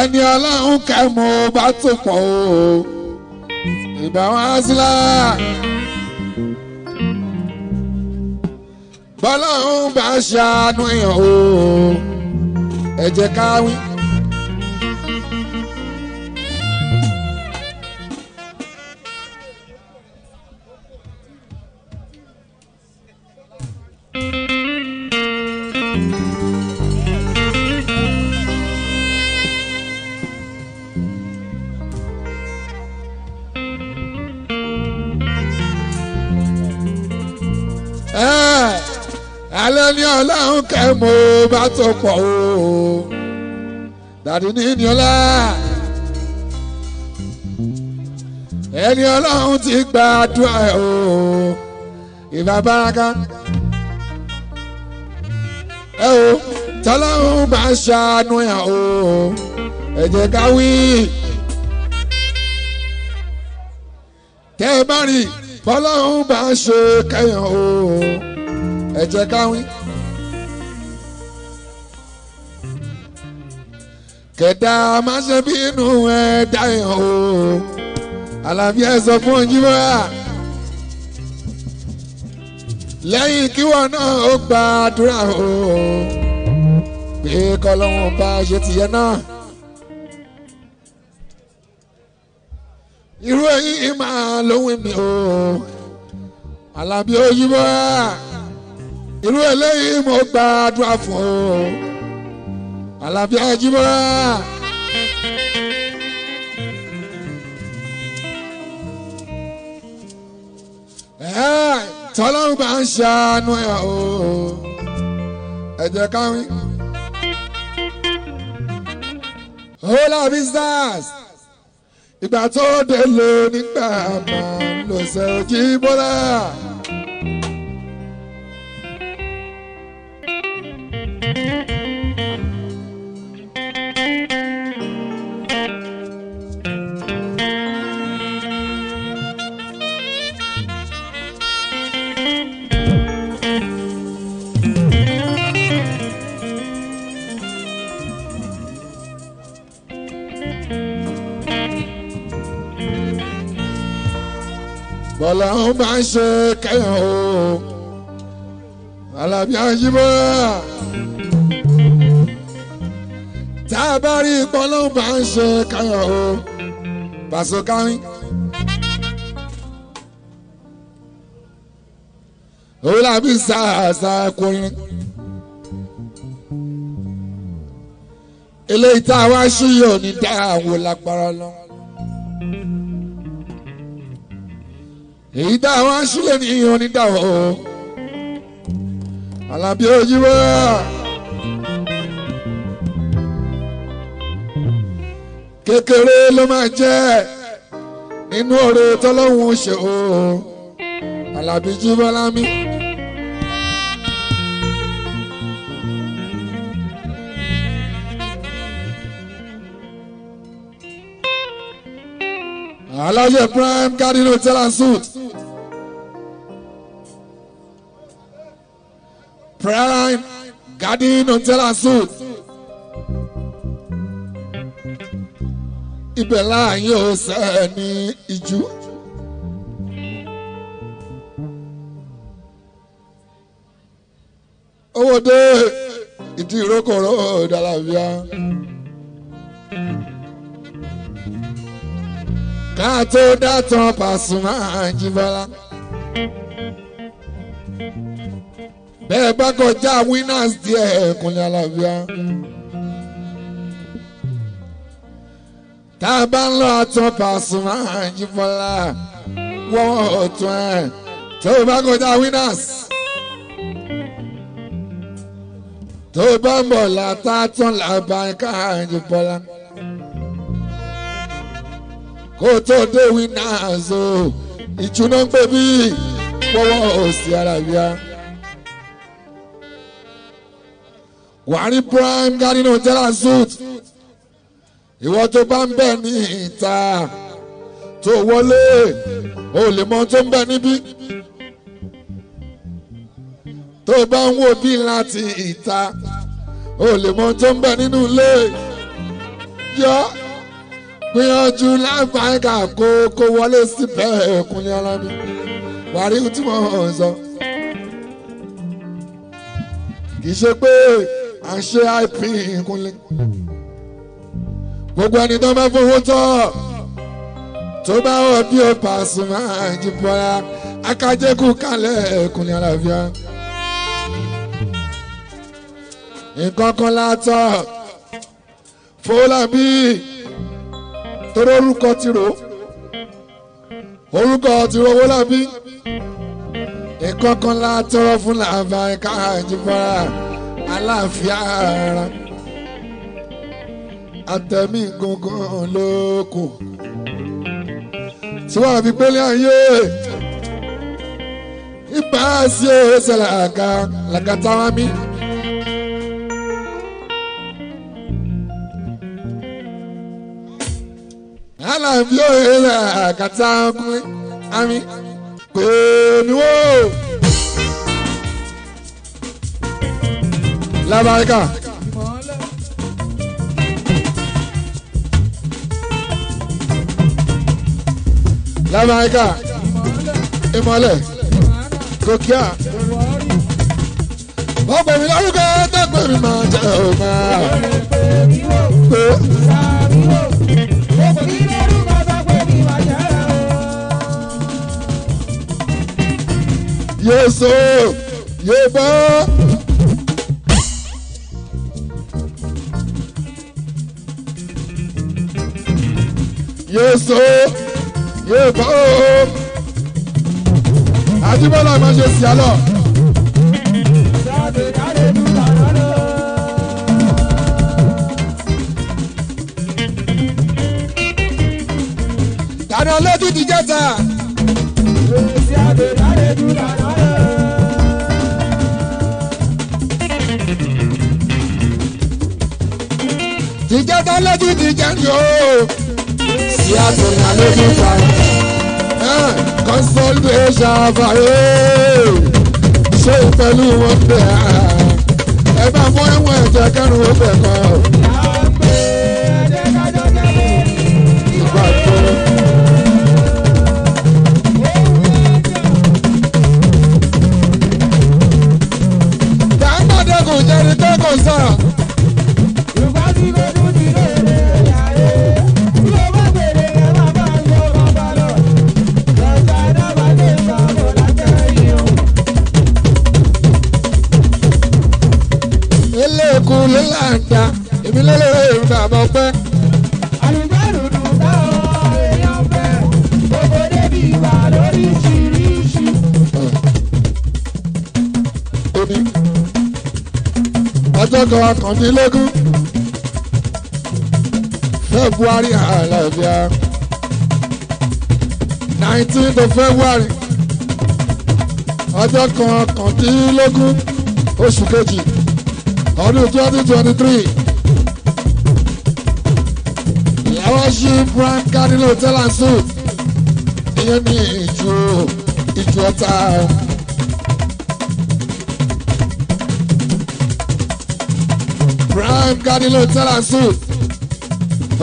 ẹni ọlọ́run kẹ́ mo bá tó pọ̀ o ìbá wọn á sílá. bọ́lọ́run bá ṣàánú èèyàn o ẹ ká wí. ọlọ́run kẹ́ mo bá tó pọ̀ o dàdí ní ìníọ́lá ẹni ọlọ́run ti gbàdúrà ẹ̀ o ìbá baraka ẹ o tọ́lọ́run máa ṣàánú ẹ̀ o ẹ jẹ́ ká wí. ẹ bá rí bọ́lọ́run bá ṣe kẹ́yàn o ẹ jẹ́ kẹta má ṣe bínú ẹ dá ẹ o Àlàbí ẹ sọ fún Jíbọ́lá lẹ́yìn kíwọ náà ó gbàdúrà o pé kọ́lọ́wọ́n bá ṣe tìyẹ náà. irú ẹyin máa lóhùn mi o Àlàbí Òyìnbọ́lá irú ẹlẹ́yìn mo gbàdúrà fún o àlàáfíà jímọ́. tọ́lọ́run bá ń ṣàánú ẹ̀ o ẹ jẹ́ hola business ìgbà tó délé nígbà máa ń lọ sẹ́ọ̀jì bọ́lá. thank you bá ń ṣe kẹyàn o Àlàbí Ajíbọ́lá tá a bá rí ipò ọlọ́run bá ń ṣe kẹyàn o Pàṣọ kárin. Olabi sàásà kùnrin. Eléyìí tá a wá ṣíyọ̀ ní dáhà wò lágbára lọ́wọ́. èyí tá a wá ń sílẹ̀ ní onídàwọ̀ o Àlàbí Òjìwọ́rà kékeré ló máa jẹ́ nínú oore tọ́lọ́hún ṣe o Àlàbí Jíbọ́lámi. Alájẹ prime cardinal tell and suit. prime garden until I soon. ibẹ̀ láàyè ò sẹ́ni ìjú. owó dé ìdí ìrókòrò ìdàlàbíà. ká tó dátàn Pasuma Ajíbọ́lá. thank bẹ́ẹ̀ bá kọjá winners díẹ̀ Kúnlé Àlàbíà. tá a bá ń lọ àtún Pasuma Àjíbọ́lá wọ́n ọ̀tún ẹ̀ tó bá kọjá winners. tó bá ń bọ̀ látà tún làbá ká Àjíbọ́lá. kó tó dé winners o ìtúná ń pè bí wọ́wọ́ òsì Àlàbíà. wàárí prime garden hotel and suite ìwọ tó bá ń bẹ ní ìta tó wọlé o lè mọ tó ń bẹ níbí tó bá ń wò bí láti ìta o lè mọ tó ń bẹ nínú ilé yọ gbìyànjú láǹfààní kà kó wọlé síbẹ̀ ẹ̀kúnlé ara mi tí mo hàn sọ kì í ṣe pé à ń ṣe ip kúnlẹ̀ gbogbo ẹni tó bá fowó tọ́ tó bá wọ̀ bí o Pasuma jí bọ́lá akájẹ́kù kalẹ̀ kúnlẹ̀ àlàáfíà nǹkan kan látọ̀ fọlábí torí orúkọ ti rò orúkọ ti rò wọlábí nǹkan kan látọ̀ fún làbáyé káàjì bọ́lá àlàáfíà ara àtẹ̀mí gangan lókun tí wọ́n fi gbélé ayé ipa sí ẹsẹ làgà làgàtà wa mi. àlàáfíà ẹsẹ làgàtà wa mi. pè mí wò. lábáríkà. lábáríkà ìmọ̀lẹ̀ gòkíà. wọ́n pè mí lórúkọ tẹ́gbẹ́ mi máa jẹ́ ọ̀gá. pé yéé bọ́. yóò so yóò bá o. àdìbọ́lá máa ṣe sí àlọ́. Tani ọlọ́dún ti jẹ́ta. Èsì àbẹ̀dárẹ̀ dùn lànà rẹ̀. Tìjẹ́ta lójú tìjẹ́ ń ìyá tó ní alójú ta consolidation àbáyé ṣé ìfẹ́lú wọn bẹ̀ ẹ bá fọ́ ẹ̀wọ̀n ẹ̀jẹ̀ kẹrin ó bẹ̀ kọ́. Dr. Akàndínlógún February àlàáfíà nineteen to February ọjọ́ kan kàndínlógún oṣù kejì ọdún twenty twenty three làwọn ṣí Prime Cardinal Hotel and Suites ìyẹn ní ìjù ìjù ọ̀tá. time garden ló tẹ́lá sùn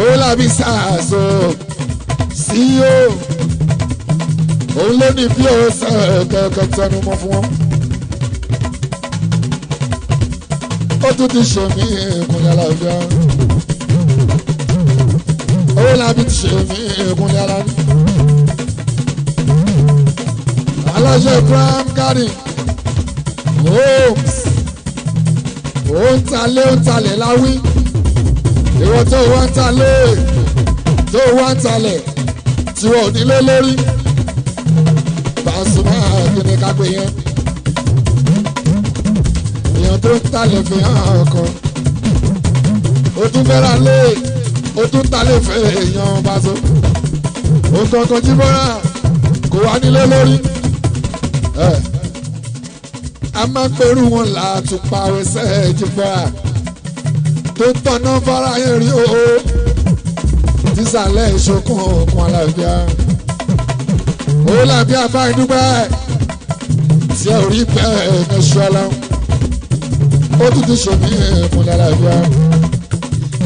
owó làbí sàásù CEO òun ló ní bí ó kẹ̀kẹ́ tẹnu mọ́ fún wọn. ó tún ti ṣòmí ìkúnlẹ̀ aláàbíà owó làbí ti ṣòmí ìkúnlẹ̀ aláàbíà. aláṣẹ prime garden Oh ó ń talé ó ń talẹ̀ láwí ìwọ tó wá ń talé tó wá ń talẹ̀ tí wọn ò nílé lórí Pasuma kíni ká pé yẹn èèyàn tó ń talẹ̀ fi hàn ọkàn ó tún fẹ́ra lé ó tún talẹ̀ fẹ́ èèyàn Paso ó kọ̀ọ̀kan jí bọ́ra kò wá nílé lórí. Eh a máa ń perú wọn látùpà ẹsẹ̀ ìjìbá tó tọ̀nà fáráyé rí owó sísàlẹ̀ ìṣokùn òkun alábíà ó làbí àfáàní dúpẹ́ tí ẹ ò rí bẹ́ẹ̀ mẹ́ṣọ́ aláwọ̀ ó tútù ṣòmí ẹ̀fún alábíà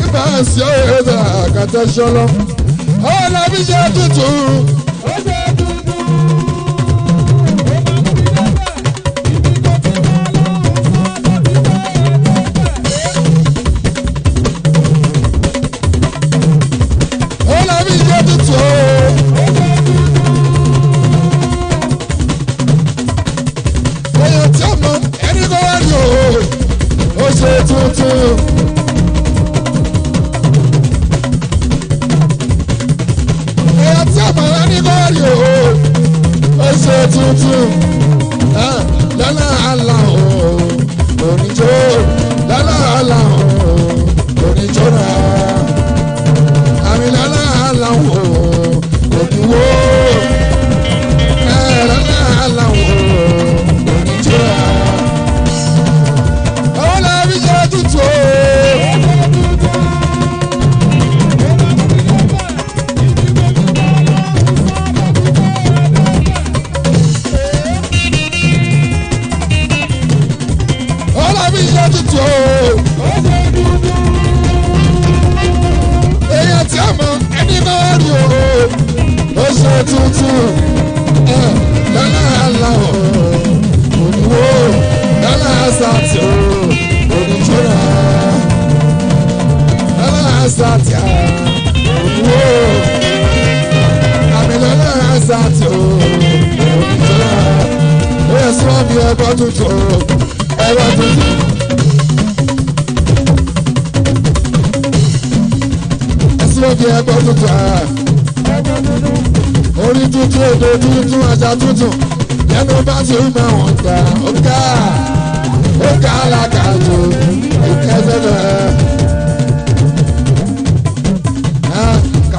ibà sí ọ̀rẹ́ ẹ̀dá àkàtà ṣọlọ́ ó làbí ṣe tútù ó ṣe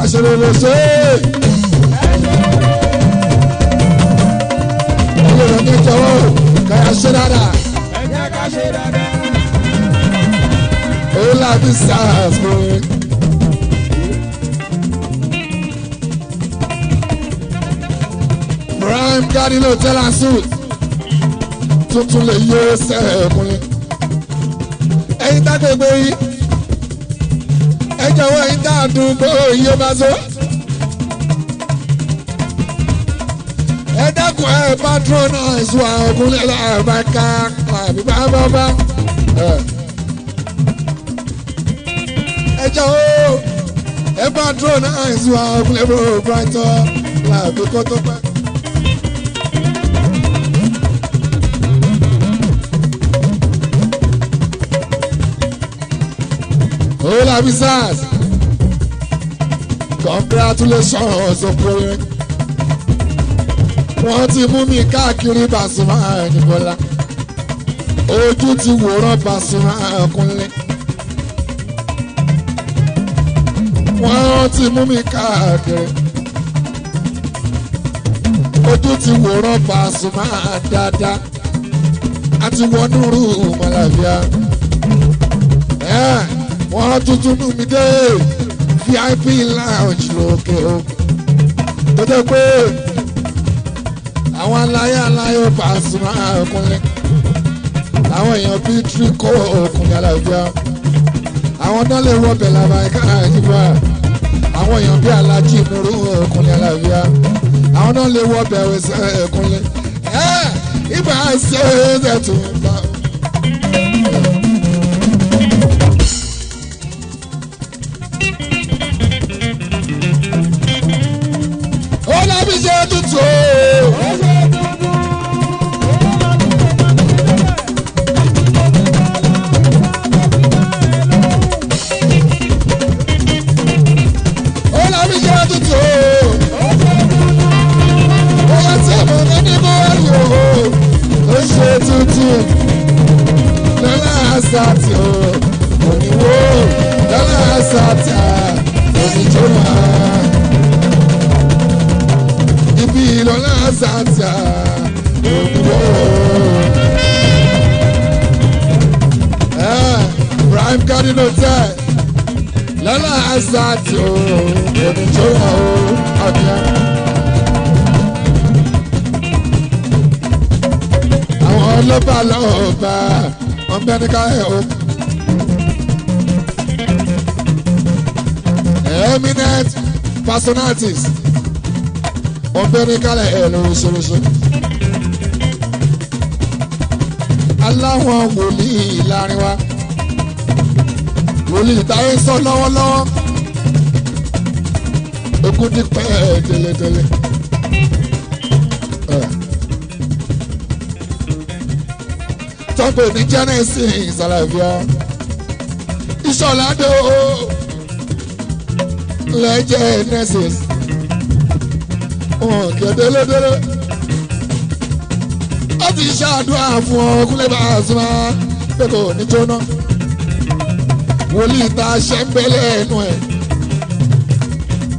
aṣọ́rẹ́rẹ́ ṣe é. rẹ̀ ní jọ̀wọ́ kàyà ṣe dáadáa. ẹ ká ṣe dáadáa. ó láti sars fún prime garden hotel and suites tuntun lè yọ ẹsẹ̀ ẹ̀kùnrin. ẹ̀yin tá a gbé gbé yìí ẹ jọ̀wọ́ yín tá àdúgbò yín ó bá so. ẹ dákun ẹ patronize wa ọkùnrin làbá ká àbí bá bá bá. ẹ jọ̀wọ́ ẹ patronize wa ọkùnrin làbá ká àbí kó tó bá. Hola Visas. Congratulations Opere. Wọ́n ti mú mi káàkiri Pasuma Ẹnibọ́lá. Ojú ti wòran Pasuma Kúnlé. Wọ́n ti mú mi káàkiri. Ojú ti wòran Pasuma dáadáa. A ti wọnú rúùmù àlàáfíà. Yeah wọ́n tuntun nù mí dé vip lounge lókè o tó jẹ́ pé àwọn aláyé aláyé Pasuma Okunle àwọn èèyàn bíi tíríkò Okunle Alaobia àwọn náà lè wọ bẹ̀lẹ̀ àbáyíká àjíbá àwọn èèyàn bíi alájí ìmúrú Okunle Alaobia àwọn náà lè wọ bẹ̀rẹ̀ Okunle ẹ̀ ibà ṣe é dẹ̀tún. sí o lọ́lá àṣàtì o òníwó lọ́lá àṣàtì à òníjó máa ibi lọ́lá àṣàtì à òníwó. Eh, Prime Garden Hotel lọ́lá àṣàtì o òníjó máa o àbíyá. ọlọ́ba lọ́ọ̀ba ọ̀bẹ́nìká ẹ̀ o. eminent personalities ọ̀bẹ́nìká ẹ̀ ló ṣoṣo. aláwọn wòlíì láàrin wa wòlíì táyé sọ lọ́wọ́lọ́wọ́ okùn ti tẹ́lẹ̀tẹ́lẹ̀. ń pè ní Genesis Àlàbíà ìṣọ̀ládò lẹ́jẹ̀ Genesis wọn kẹ̀dẹ́ lódóró ó ti ṣàdúrà fún ọ Kúnlé Pasuma pé kò ní jóná wòlíì ta ṣẹ́ ń bẹ́lẹ̀ ẹnu ẹ̀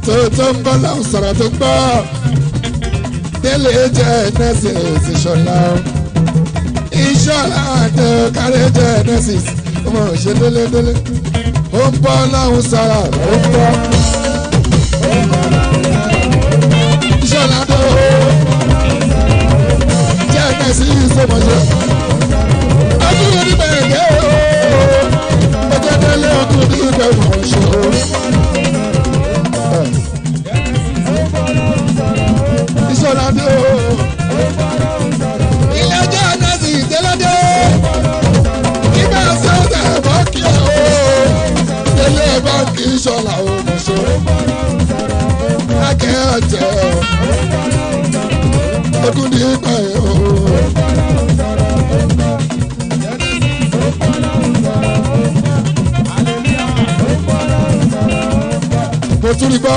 tó tó ń gbọ́ láwọn sọ̀rọ̀ tó gbọ́ délé Genesis ìṣọ̀lá ìṣọ́ra àtẹ kárí genesis ọmọ òṣè délédélé ó ń bọ́ láhùn sára ó ń bọ́. ìṣọ́ra àtẹ ó genesis ọmọ òṣè. ọdún yìí bẹ̀rẹ̀ gẹ́ ó ọjọ́ délé ọdún yìí bẹ̀rẹ̀ òṣè ó. ìṣọ́ra àtẹ ó. kì í ṣọlá o mo ṣe. Akẹ́ àjẹ́ o. Ogun ní ipa ẹ̀ o. Mo tún rí gbọ́.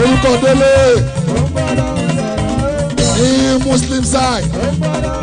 Orúkọ Délé ní Muslim side.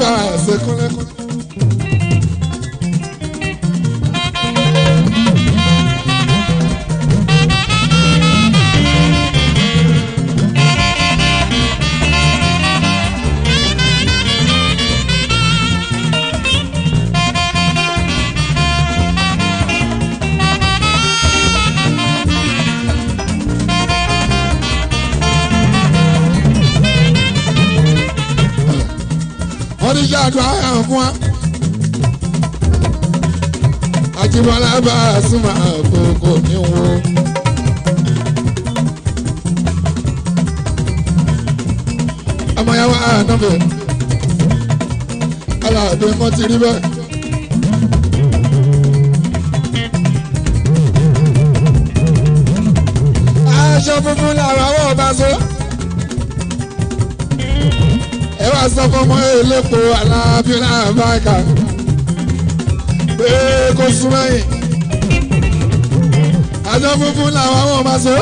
bá a ṣe kúnlẹ́kúnlẹ́. ní ṣàdùn àyà fún wa. àti bọ́lábà súnmọ́ àkókò ní wo. ọmọ yẹn wá ànáfẹ́ aláàbẹ̀ kan ti rí bẹ́ẹ̀. aṣọ funfun làwọn ọba sọ. asọ́fọ́mọ́ elépo aláàfin àbáka pé kó súnmọ́ yìí àjọ funfun làwọn àwọn ọmọ sọ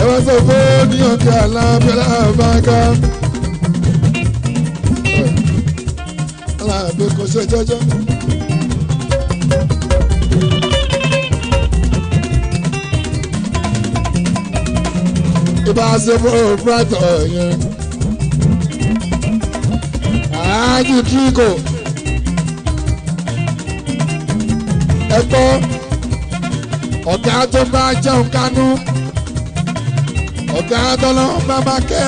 ẹ wọ́n sọ pé ní ọ̀kẹ́ aláàfin àbáka aláàfin kò ṣe jọjọ. ìbáṣepọ̀ fúrátọ̀ yẹn alhaji trico ẹ gbọ́ ọ̀gá tó bá jẹun kánú ọ̀gá tọ́lọ́ bàbá kẹ́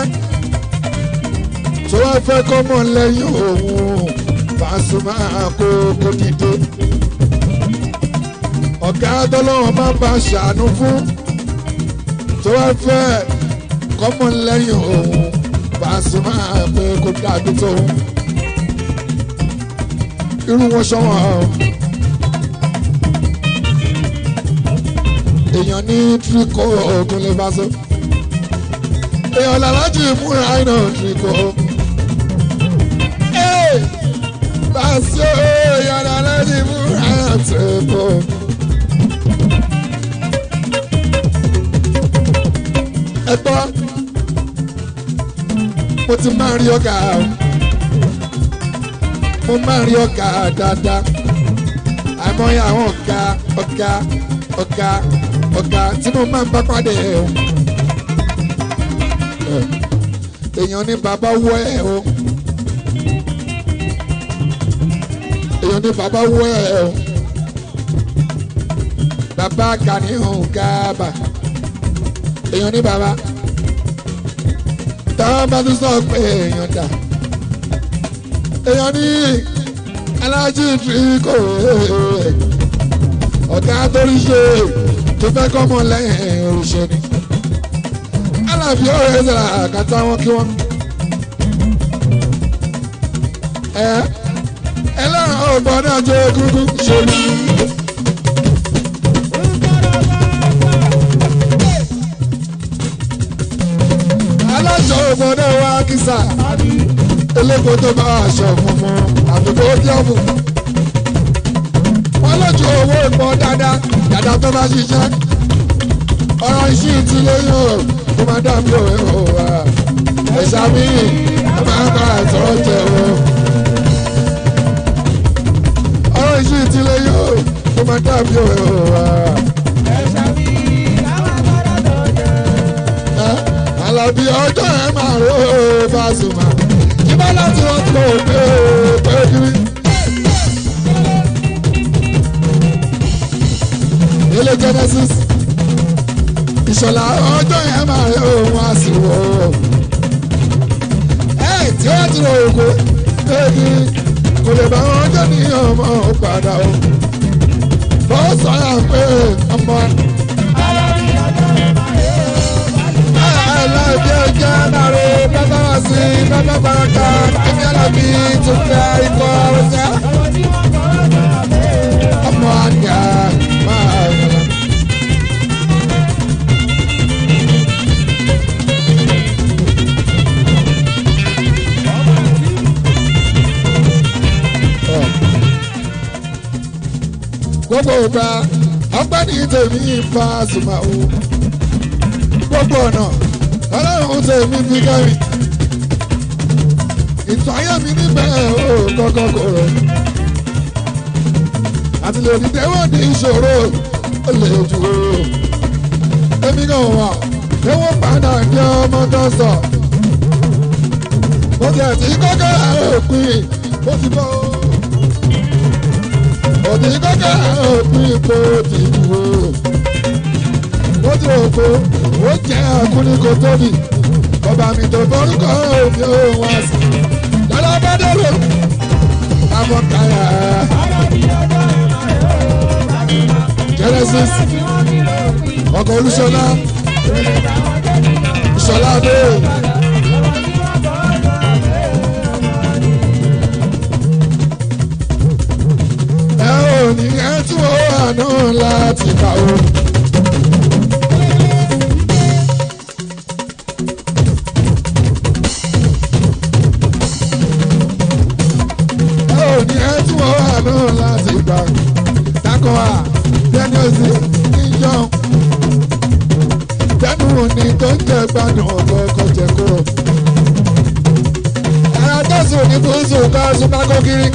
tó wá fẹ́ kọ́ mọ̀ lẹ́yìn òun Pasuma àkókò dìde ọ̀gá tọ́lọ́ bàbá ṣàánú fún tó wá fẹ́ kọ́ mọ̀ lẹ́yìn òun Pasuma àkókò dàbí tó irú wọn sọ́wọ́n a o. èèyàn ní tíríkọ́ ogun lè bá so. èèyàn làlájì múra iná tíríkọ́. bá a ṣe èèyàn làlájì múra iná ẹ gbọ́ mo ti máa rí ọ̀gá o mo máa rí ọ̀gá dáadáa àìmọye àwọn ọ̀gá ọ̀gá ọ̀gá ọ̀gá tí mo máa ń bá pàdé ẹ̀ o èèyàn ní bàbá wọ ẹ̀ o èèyàn ní bàbá wọ ẹ̀ o bàbá Gani Gaba èèyàn ní bàbá táwọn bá tún sọ pé èèyàn dà. èèyàn ní aláàjì tìrìkò ọ̀gá ṣe tó fẹ́ kọ́mọ lẹ́yìn òṣè ni alábí ọ̀rẹ́ ẹ̀sẹ̀rà àkàtà wọn kí wọ́n. ẹ ọ̀gbọ́n náà jẹ́ egungun ṣe ọ̀gbọ́n náà wá kí sáà. eléko tó bá aṣọ funfun àdúgbò díọ̀mù. wọ́n lójú owó ìpọ́ dáadáa dáadáa tó bá ṣiṣẹ́. ọ̀rọ̀ iṣẹ́ ti lóyún o kó má dàbí òwe o wa. ẹ̀sà mi ẹ máa bá àtọ́ jẹ o. ọ̀rọ̀ iṣẹ́ ti lóyún o kó má dàbí òwe o wa. ẹ̀sà mi ẹ máa bá àtọ́ jẹ o. Àlàbí ọjọ́ ẹ máa ro Pasuma bá Genesis ìṣọ̀lá ọjọ́ yẹn máa rí òun àsìwọ̀ ẹ̀ tí wọ́n ti lọ òkè òkè kiri kò lè bá wọn jẹ́ ní ọmọ padà o. bọ́ọ̀ sọ̀rọ̀ pé ọmọ. aláìjẹ́ jẹ́ náà rẹ̀ bàbá sí nana baraka àti alábi tó fẹ́ ikọ̀ ọ̀sẹ̀. ọmọ àgbà máa wọlé. gbogbo ìgbà ọgbẹ́ ní tèmi fa sùmà o gbogbo ọ̀nà ọlọ́run tèmi fi kẹ́rin ìtọ́yọ̀ mi níbẹ̀ ó kọ́kọ́ kọ̀rọ̀. àti lòdì tẹ́wọ́ ní ìṣòro ó lè jù ó. èmi náà wà tẹ́wọ́ padà jẹ́ ọmọ tó sọ. mo ti àti kọ́kọ́ òpin mo ti bọ́ ó. òdì kọ́kọ́ òpin mo ti bù mo ti òpó ó jẹ́ àkúnikò tóbi ọba mi tó borúkọ òfin òun àṣà genesis ọkọ̀ olúṣọlá ṣọlá adé. ẹ ò ní ẹ tún ọ àná láti kà ó. kiri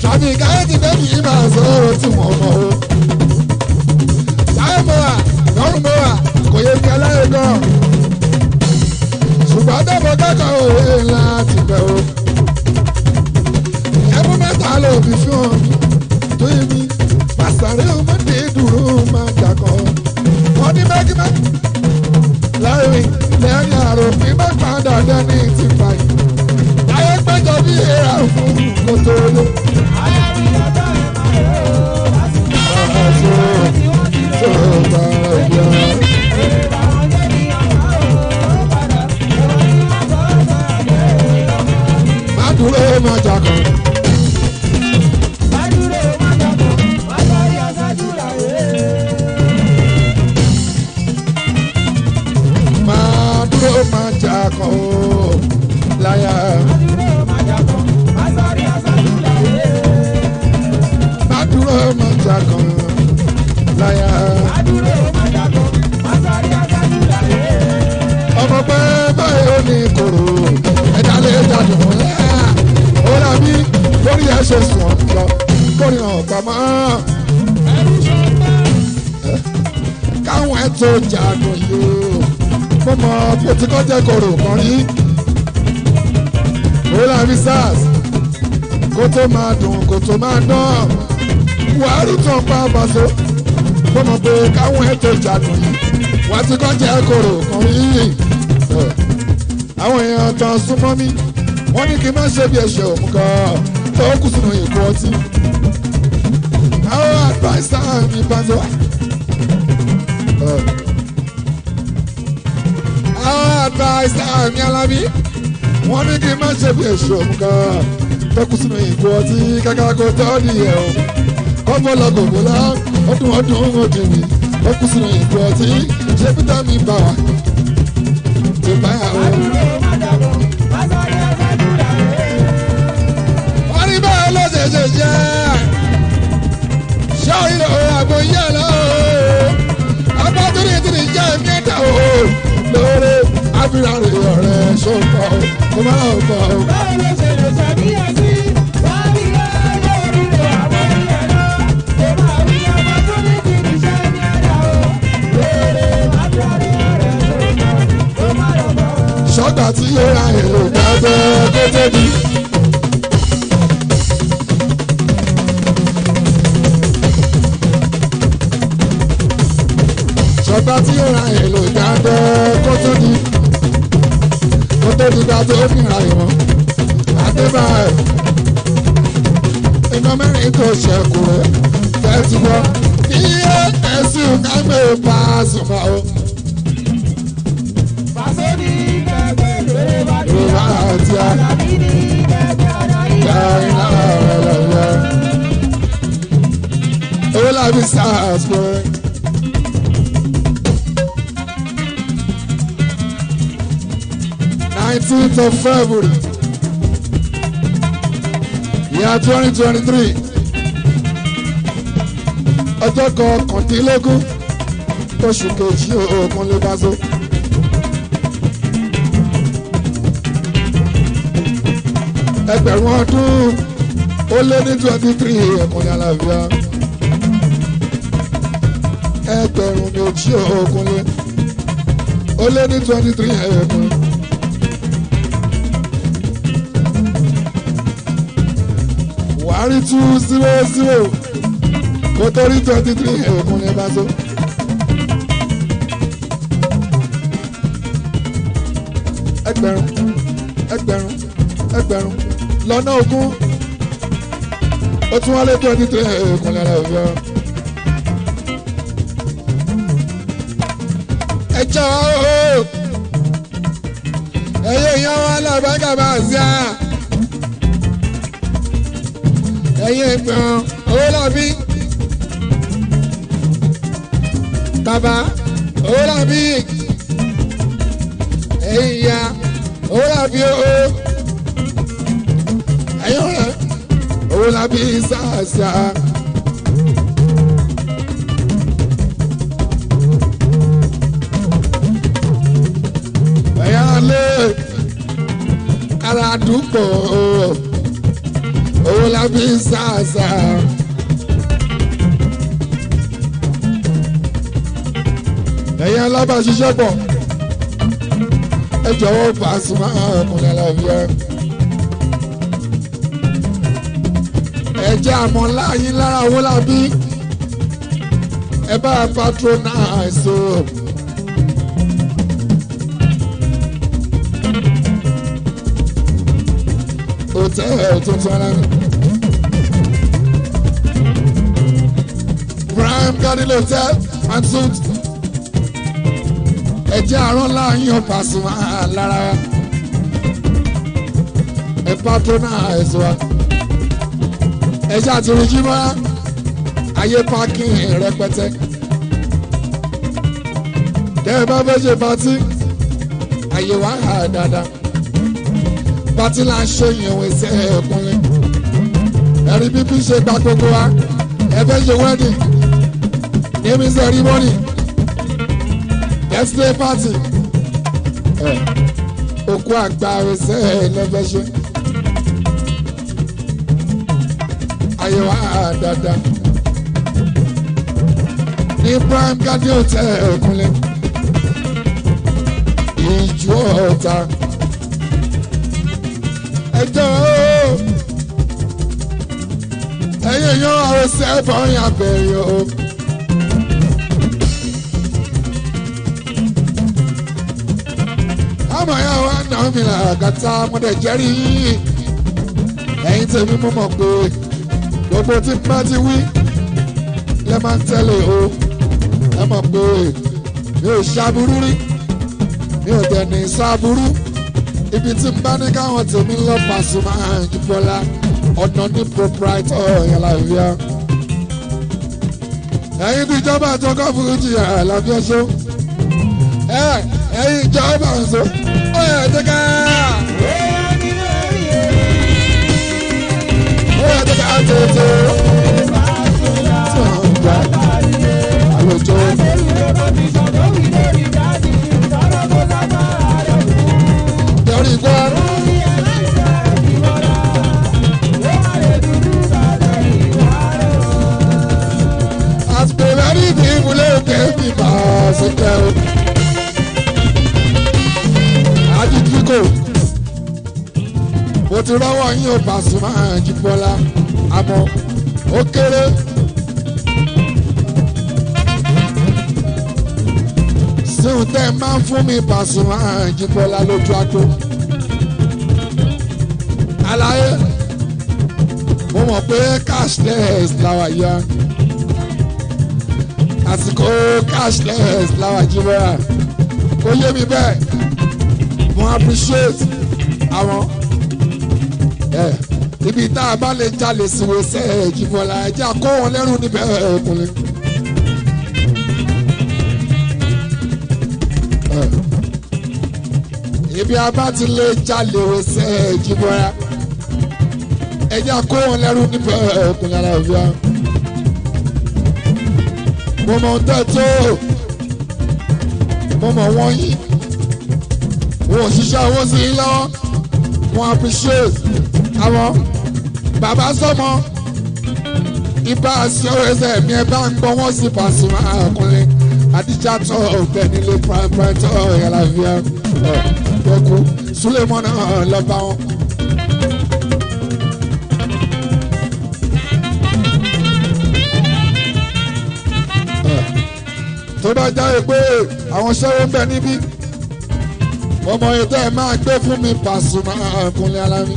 traffic ayéti bẹ́ẹ̀ni yìí máa sọ̀rọ̀ tí wọ́n mọ̀ o. sáyé mo wà lọ́rùn mo wà kò yẹ kí aláyé náà ṣùgbọ́n dẹ́gbọ́n kẹ́kọ̀ọ́ òye ńlá ti bẹ̀ o. to you. yẹn ṣe sùn wọn lọ kórè ọ̀pá mọ́. káwọn ẹ̀ tó jagun yìí ó mọ bó ti kọjá kòrò kan rí. òyìnbó àmì sars kó tó máa dùn kó tó máa dán buhari tán pa àbàṣọ mọ pé káwọn ẹ̀ tó yìí wá ti kọjá àwọn èèyàn tán súnmọ́ mi wọ́n ní kí n má ṣe bí ẹ̀ṣẹ̀ òun tọwọ́ kù sínú èkó ọtí. Àwọn àdìbáyìsá mi bá ń sọ. Àwọn àdìbáyìsá mi alábí. Wọ́n ní kí n má ṣe bí èso nǹkan. Tọ́kù sínú èkó ọtí kákà kó tọ́ nìyẹn o. Kọ́bọ̀ ọdún ọdún ọdún mi. Tọ́kù sínú èkó ọtí, ṣé Peter mi bá wa? Tó báyà wọ́n. yẹ ṣáàrin o àgbo yẹ lọ o abájúri ti ní jẹ mẹ́ta o lóore abirare ọ̀rẹ́ sọpọ kò má lọ pọ. báwo ló ṣe lè ṣàníyàn sí wàá rí ọ̀rẹ́ orí rẹ̀ àwọn ìyá náà kò má rí abájúri ti ní jẹ mẹ́ta o lóore abirare ọ̀rẹ́ sọpọ kò má tí yóò ra èrò dábẹ́ kó tẹ́bi. ọba tí ó ra èlò ìdájọ́ kó tó di kó tó di gba tó fi ra ìwọ̀n àdébà ẹ̀ iná mẹ́rin tó ṣẹ̀kù tẹ́tí bọ́ iye ẹ̀sìn kágbé Pasuma o. pàṣẹ ní kẹgbẹ́ lórí bá ti yá ọ̀nà ní kẹgbẹ́ ọ̀nà yìí lọ́wọ́. owó làbí sars 18th of February year twenty twenty three ọjọ́ kọkàndínlógún oṣù kejì òògùn ló bá so. ẹgbẹ̀rún ọdún ó lé ní twenty three ẹ̀kúnlẹ̀ àlàáfíà ẹgbẹ̀rún méjì òògùn lé ó lé ní twenty three ẹ̀kúnlẹ̀. parí two zero zero kó torí twenty three ẹ̀ẹ̀kan yẹn bá so. ẹgbẹ̀rún ẹgbẹ̀rún ẹgbẹ̀rún lọ́nà ogún ó tún wá lé twenty three ẹ̀ẹ̀kan lára òfin ọ. ẹ jọ̀ọ́ ẹ̀yẹ́ ìyá wa làbágàbà sí i ẹ̀yin ẹ̀gbọ́n Owólabí bàbá Owólabí ẹ̀yin ìyá Owólabí o ẹ̀yin ọ̀rẹ́ Owólabí sàṣà. ẹ̀yin ara àdúgbò bí sàṣà. ẹ̀yin alábàáṣiṣẹ́ pọ̀ ẹ jọ̀wọ́ Pasuma ọkùnrin àlàáfíà. ẹ jẹ́ àmọ́ láàyín lára owó làbí ẹ bá patronize o. hotel tuntun ara nù. time garden hotel and suit ẹ̀jẹ̀ àrùn láàyè ọ̀pá sùnmọ́ lára ẹ̀ pàtọ́nà ẹ̀sùn wa ẹ̀jẹ̀ àtìrìn jímọ́ ayé pákí rẹpẹtẹ tẹ́ ẹ bá fẹ́ ṣe pátí ayé wa hà dáadáa pátí là ń ṣe ìyẹ̀wò ẹ̀sẹ̀ ẹ̀kúnlẹ̀ ẹ̀rí bíbí ṣe gba gbogbo wa ẹ fẹ́ ṣe wedding naming ceremony birthday party òkú eh, àgbà ẹsẹ̀ ẹlẹ́fẹ́ ṣe àyẹ̀wò àdáadáa ní prime garden hotel ẹ̀kúnlẹ̀ ìjọ ọ̀tá ẹjọ́ ẹ̀yìn èèyàn àròsẹ̀ ẹ̀bọ̀n yàgbẹ̀ mi làgàtà mo dẹ̀ jẹ́rí yín ẹ̀yin tèmi mo mọ̀ pé gbogbo tí bá ti wí lẹ́ máa ń tẹ́lẹ̀ o ẹ mọ̀ pé mi ò ṣàbúrú rí mi ò tẹ̀ ní ṣàbúrú ibi tí n bá ní káwọn tèmi lọ Pasuma Ajibola ọ̀nà ní proprietor ọ̀yàn làbíyá ẹ̀yin tí ìjọba àjọkọ́ fújì àlàbíyá ṣó ẹ̀yin ìjọba àjọkọ́. ويدك ويدك عتيتو سنجا àlejò. Yọrí gbọ́. ti rọ́wọ́ yín ò Pasuma Ajíbọ́lá àmọ́ ó kéré. síhun tẹ́ ẹ máa ń fún mi Pasuma Ajíbọ́lá lójú àtó. àlàyé mo mọ̀ pé cashless làwà yá àsìkò cashless làwà jìbọ́ra kò yé mi bẹ́ẹ̀ mo appreciate àwọn. Eh, ibi tá a bá lè jalè síwò sẹ́ ìjìbọ̀lá ẹ̀já kó wọn lẹ́rù níbẹ̀ ọkùnrin. Eh, ibi a bá ti lè jalè wò sẹ́ ìjìbọ̀lá ẹ̀já kó wọn lẹ́rù níbẹ̀ ọkùnrin aláàbíà. mo mọ̀ ń tẹ́ tó mo mọ̀ wọ́n yìí wọn ò ṣiṣẹ́ owó sí i lọ́wọ́ wọn appreciate àwọn bàbá sọmọ ibà ṣọwọ́sẹ̀ mi ẹ bá ń gbọ́ wọ́n sì Pasuma àkúnlẹ̀ àdìjà tọ́ ọ̀gbẹ́ nílé pàápàá tọ́ ìyàlàfíà ọ̀gbẹ́kú Sulemona lọ́ba wọn. tó bá jáde pé àwọn ṣẹ́wó ń bẹ níbí ọmọ ètò ẹ̀ máa gbé fún mi Pasuma àkúnlẹ̀ alámi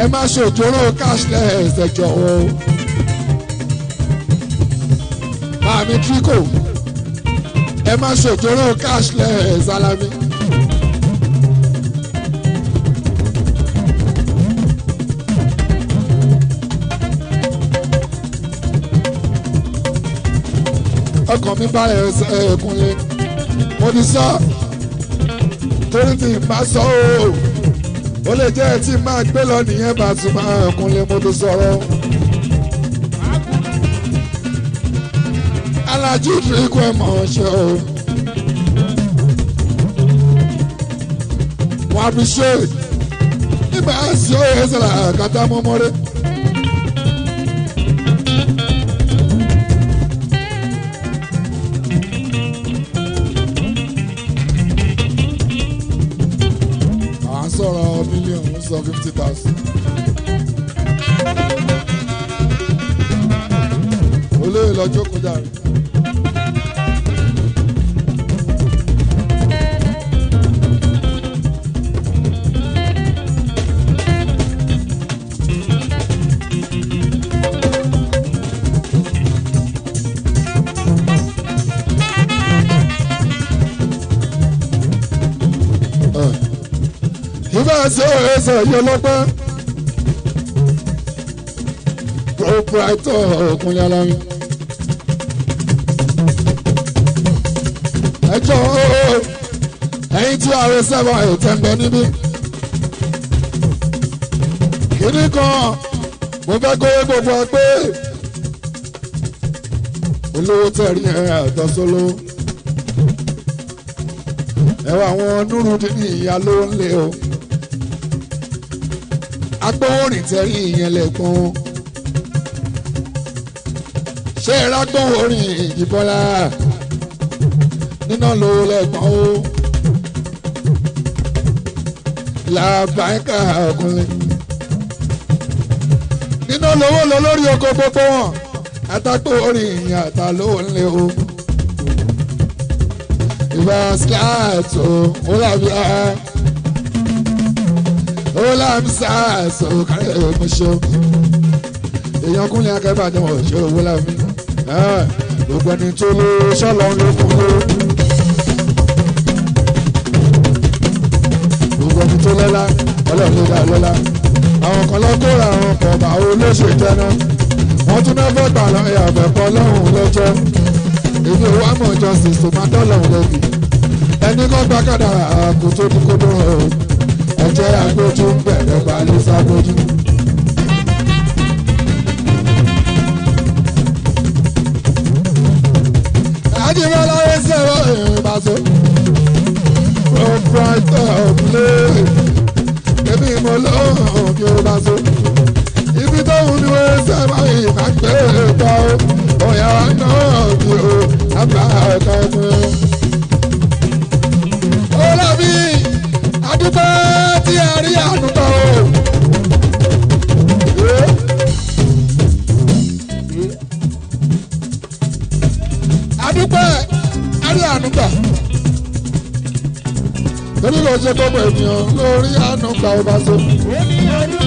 ẹ má ṣòjóró cashless ẹ jọ̀wọ́. Màmí Trico ẹ má ṣòjóró cashless alami. ọkàn mi bá ẹ̀ẹ́kùnlé mo ti sọ torí ti bá sọ ooo ó lè jẹ́ tí máa gbé lọ nìyẹn Pasuma Kúnlé mo tó sọ̀rọ̀. alájú tìrìkù ẹ̀ mọ̀ ṣe o. wọ́n á fi ṣe nígbà tí ó yẹ sẹ́la kàtà mọ́mọ́rẹ́. fifty thousand. olóyè lọ jókòó jàre. lẹ́sẹ̀ ẹ̀yẹ lọ́pẹ́ proprietor ọkùnrin alárin. ẹjọ́ ẹ̀yin tí ààrẹ sẹ́wọ̀n ẹ̀ tẹ́ ń bẹ níbí. kìnnì kan mo fẹ́ kó gbogbo ẹ pé olówó tẹ̀rí ẹ̀ àtọ́sọ́lọ́ ẹ̀wọ̀n àwọn onírúurú ní ìyá ló ń lé o agbóhùnrin tẹ́yìn yẹn lẹ́kùn ṣé ẹ rágbọ́n orin ìjìbọ́lá nínà ló lẹ́gbọ́n o làbáńkà ọkùnrin nínà lówó lọ lórí oko gbogbo wọn àtàgbọ́ orin ìyìn àtà ló ń lé o ìbá slat o ó làbí ara wọ́lámsà sọ̀kàrẹ̀ ọmọṣọ́ èèyàn kúnlẹ̀ akẹ́bàdàn ọ̀ṣọ́ wọ́lámi ah, gbogbo ẹni tó lé sọ́lọ́ ló kún lé gbogbo ẹni tó lọ́lá ọlọ́run ló dá lọ́lá àwọn kan lọ́kọ́ra àwọn kọ̀ọ̀bà olóṣè tẹnu wọ́n tún náà fẹ́ gbà lọ́ọ́ ẹ̀yàbẹ̀ kọ́ lọ́hùn lọ́jọ́ èmi ò wá mọ̀ jọ sì sòmátọ́ lọ́hùn lẹ́bi ẹni kan gbàkàdà àkótó kókó dùn ẹjẹ́ agbójú ń bẹ̀rẹ̀ balẹ̀ sábójú. láti mọ láyé sí ẹ̀rọ ìbáṣọ. proprietor of play èmi mo lóhùn kí o bá so. ibi tó wù mí wọ́n ṣe máa ń yìnbọn pé pọ́ e ó yàrá náà kí o sábà kan fún un. dúpẹ́ tí ẹ rí àánú tọ́ o. adúpẹ́ arí àánú gbà torí ló ṣe gbogbo ènìyàn lórí àánú gbà ọba tó. ó ní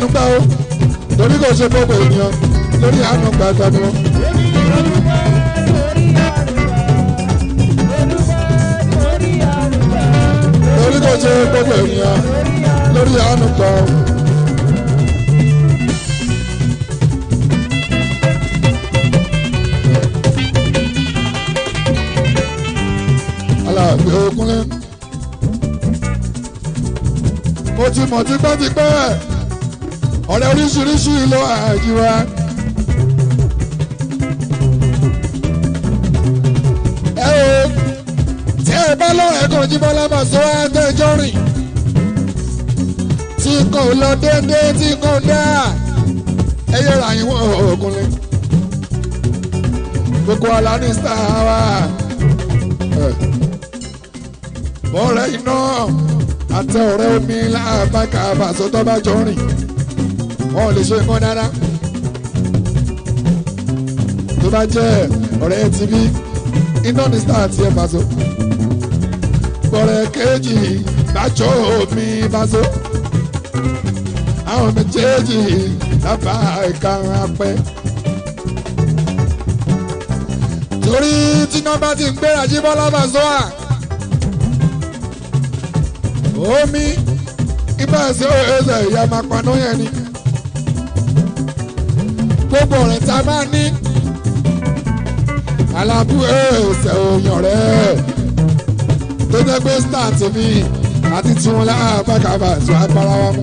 àánú gbà ó torí kò ṣe gbogbo ènìyàn lórí àánú gbà tani wọn. torí kò ṣe gbogbo ènìyàn lórí àánú gbà ó. Àlàbí Ògúnlé mo ti mọ̀ tipẹ́tipẹ́ ọ̀rẹ́ oríṣiríṣi ló àjí ẹ o tí ẹ bá lọ ẹ̀kan jíbọ́lá máa sọ wá tẹ́jọ́ rìn tí kò lọ déédéé tí kò dáa ẹ yẹra yín wọ ọkùnrin gbogbo alani star wa bọ́ọ̀rẹ́ iná àtẹ ọ̀rẹ́ omi làbákà bàṣọ tó bá jọ rìn wọn ò lè ṣe nǹkan rárá tó bá jẹ́ ọ̀rẹ́ ti bí iná ní star ti ẹ̀ Paso bọ̀rẹ̀ kejì bàjọ́ mi Paso àwọn méjèèjì lábà ẹ̀ka apẹ́. torí tí nọ́mbà ti ń gbéra jí Bọ́lá Paso à omi ibà sí ọ̀rẹ́ ẹ̀sẹ̀ ìyá máa paná yẹn ni gbogbo rẹ̀ tá a bá ní. alábú ẹ̀ẹ́sẹ̀ òyàn rẹ̀ tó jẹ́ pé star tèmi àti tiwọn láàbàkàbà sọ agbára wa mú.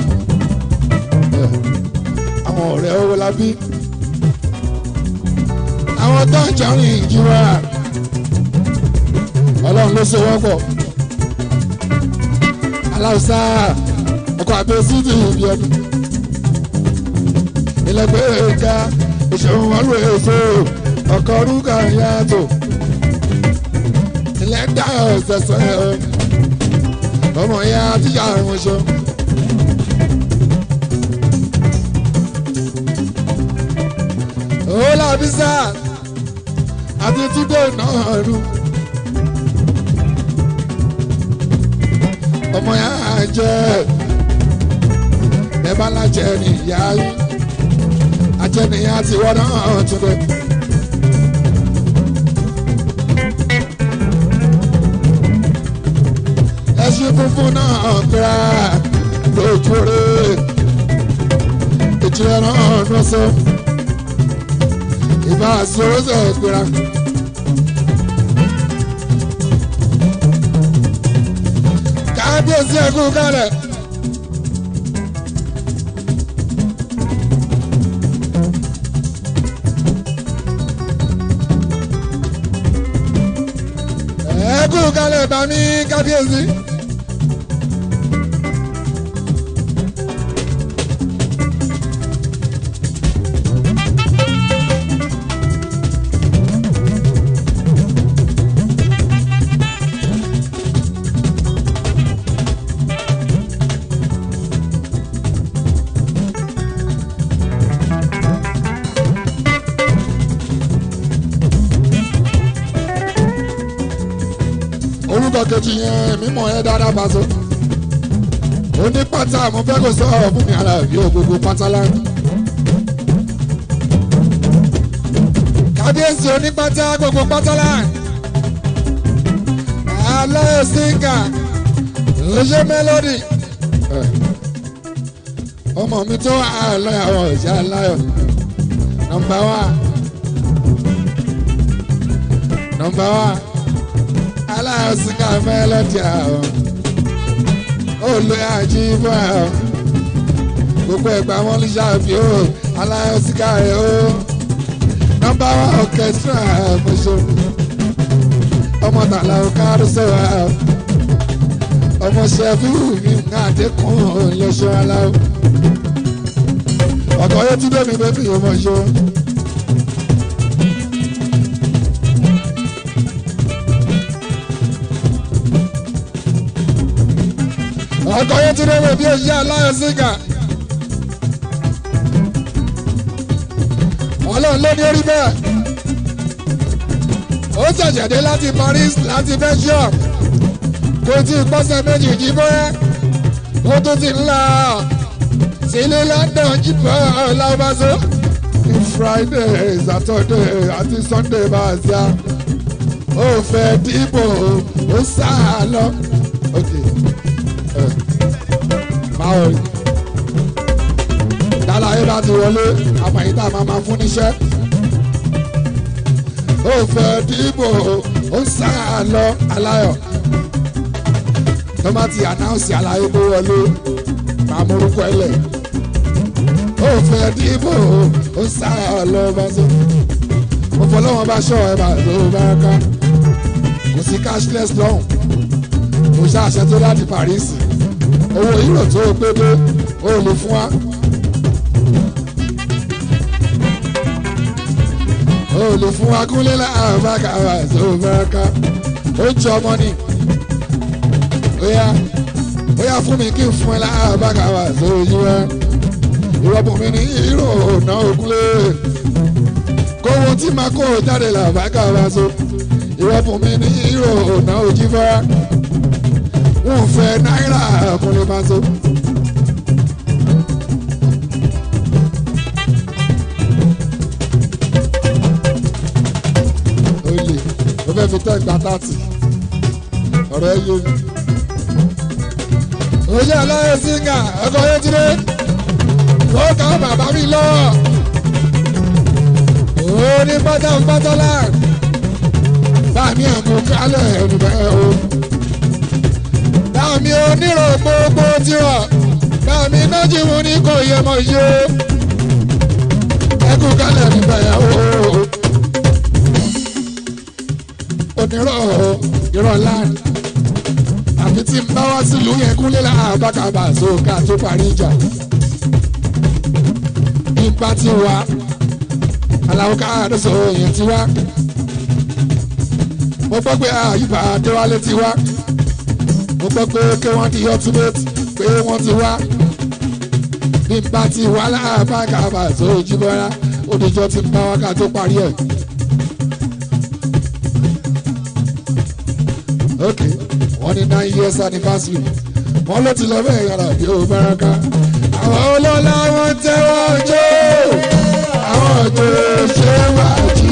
àwọn ọ̀rẹ́ owó la bí. àwọn tó ń jẹun ìjìwà ọlọ́run ló so wọ́pọ̀. aláùsá ọkọ̀ àbẹ́sídìí ìbí ọdún ilẹ̀ gbé e ga ìṣòro wọn ló èso ọkọ orúkọ yàtọ̀ ẹlẹ́dà ṣẹṣẹ ọmọ ìyá tíjà àwọn ṣe. Ola bisa àti túndé náà rú. ọmọ yà á jẹ ẹ bá lájẹ ní ìyá yìí tẹ́nìyàn àti wọ́n náà tún lè. ẹṣin funfun náà kíra lójú rẹ̀ ìjìyà náà lọ́sọ̀ ìbá àṣírọ́sọ̀ kíra. kábíyèsí ẹkú kálẹ̀. bá mi kábíyèsí. nọ́mbà kejì yẹn mímọ̀ ẹ dáadáa bá so. oní pátá mo fẹ́ kó sọ̀rọ̀ fún mi ara ìlú ògógó pátá lánàá. kábíyèsí onípátá gbogbo pátá lánàá. alẹ́ sínkà lóṣè mélòdì. ọmọ mi tó àlọ́ àwọn ìṣe aláyọ̀ nọ́mbà wa nọ́mbà wa aláàsìkà mẹ́lẹ́dì àwọn olóyè àjíbọ̀ àwọn gbogbo ẹ̀gbà wọn lè ṣàfi ó aláàsìkà rẹ̀ ó nọ́mbà wọn ọ̀kẹ́sìtìrà àmọ́ṣọ́ ọmọ tàlà ọ̀kárùsọ̀ àwọn ọmọ ṣẹ́fù mi àdékùn lọ́ṣọ́ aláwọ̀ ọ̀tọ̀ yóò tún dé mi bẹ́ẹ̀ fi yóò mọ̀ ọkọ yẹn ti rẹwẹ bí èyí aláyọ sígà. ló ní orí bẹ́ẹ̀. ó ṣẹ̀ṣẹ̀ dé láti Paris láti Belgium kò tí ì pọ́sẹ̀ méjì jí bóyá ó tún ti ń la sílé London jí bọ́ Friday Saturday àti Sunday bá a ṣá ó fẹ́ dìbò ó sá lọ. àwọn dalaye bá ti wọlé àpàyè tá a máa máa fún níṣẹ́ ó fẹ́ dìbò ó ń sá lọ aláyọ̀ tó má ti ànáùsì aláyé tó wọlé máa morúkọ ẹ lẹ̀ ó fẹ́ dìbò ó ń sá lọ bá ṣe mo fọlọ́wọ́n bá ṣọ́ ẹ bá ló bá ká kò sí cashless lọ́hùn mo ṣáṣẹ tó láti Paris owó euro tó o gbé dé o lè fún wa. o lè fún wa kúnlé láàrin bákà wà tó bákà ó jọ ọmọ ni bóyá bóyá fún mi kí n fún ẹ láàrin bákà wà tó yí ìrọ̀bù mi ní euro ọ̀nà òkúlé kówó tí màá kó jáde làbákà wà tó ìrọ̀bù mi ní euro ọ̀nà òjì wọn fẹ́ náírà kúnlẹ̀ bá so. olè ó fẹ́ fi tẹ́ǹgbà tààtì ọ̀rọ̀ ẹ yé mi. òye aláyé singa ẹ̀kọ́ yẹn ti dé kó ká bàbá mi lọ́wọ́ òní pátápátá láàrin bá mi àmú kálẹ̀ ẹ̀rù bẹ́ẹ̀ o àmì onírò gbogbo tiwa làmì nájìmù ní kò yẹ mọ yó ẹkú kálẹ̀ nígbàyàwó onírọ̀ ìrọ̀ láàrin àfi tí ń bá wá sílùú yẹn kúnlé láàbákàbà sókà tó parí ìjà nípa tí wa aláwọ̀ káàdó sọ̀rọ̀ yẹn ti wá mo gbọ́ pé àyíká adéwálé ti wá mo gbọ́ pé kí wọ́n di up to date pé wọ́n ti wá bí n bá ti wá láàbá kàbà sórí jíbọ́lá òdìjọ́ ti bá wa ká parí ẹ̀. ok wọ́n ní nine years anniversary wọ́n ló ti lọ bẹ́ẹ̀ yàrá bí o bára ká. àwọn olóòlà wọn tẹ́wọ́ ọjọ́ àwọn ọjọ́ ṣé wàá jì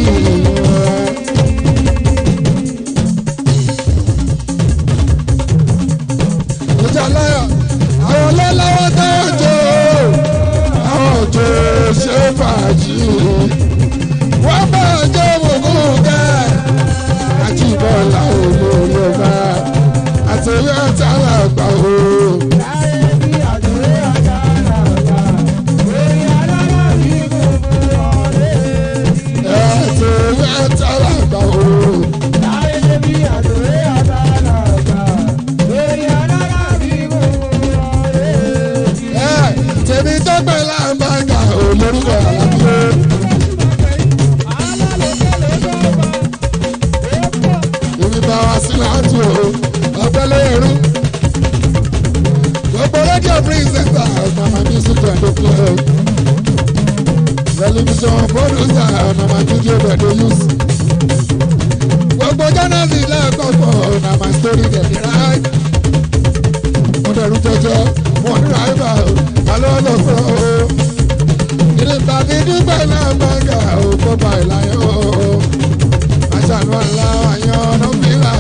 máa tù ó ọ̀pẹ̀lẹ́rú. gbogbo rédíò princess ọ̀nàmà music pẹ̀lú club. tẹlifíṣàn producer ọ̀nàmà fídíò pẹ̀lú yus. gbogbo jọ́nàsì lẹ́ẹ̀kan ọ̀nàmà story tẹ̀lé ráì. mo dẹ̀rù jẹjẹ mo ní ráìbà alẹ́ ọlọ́sọ̀ o. ìrìntà mi dúpẹ́ náà máa ń gà ó kó bá ìlàyé o. àyàn ọ̀nà mi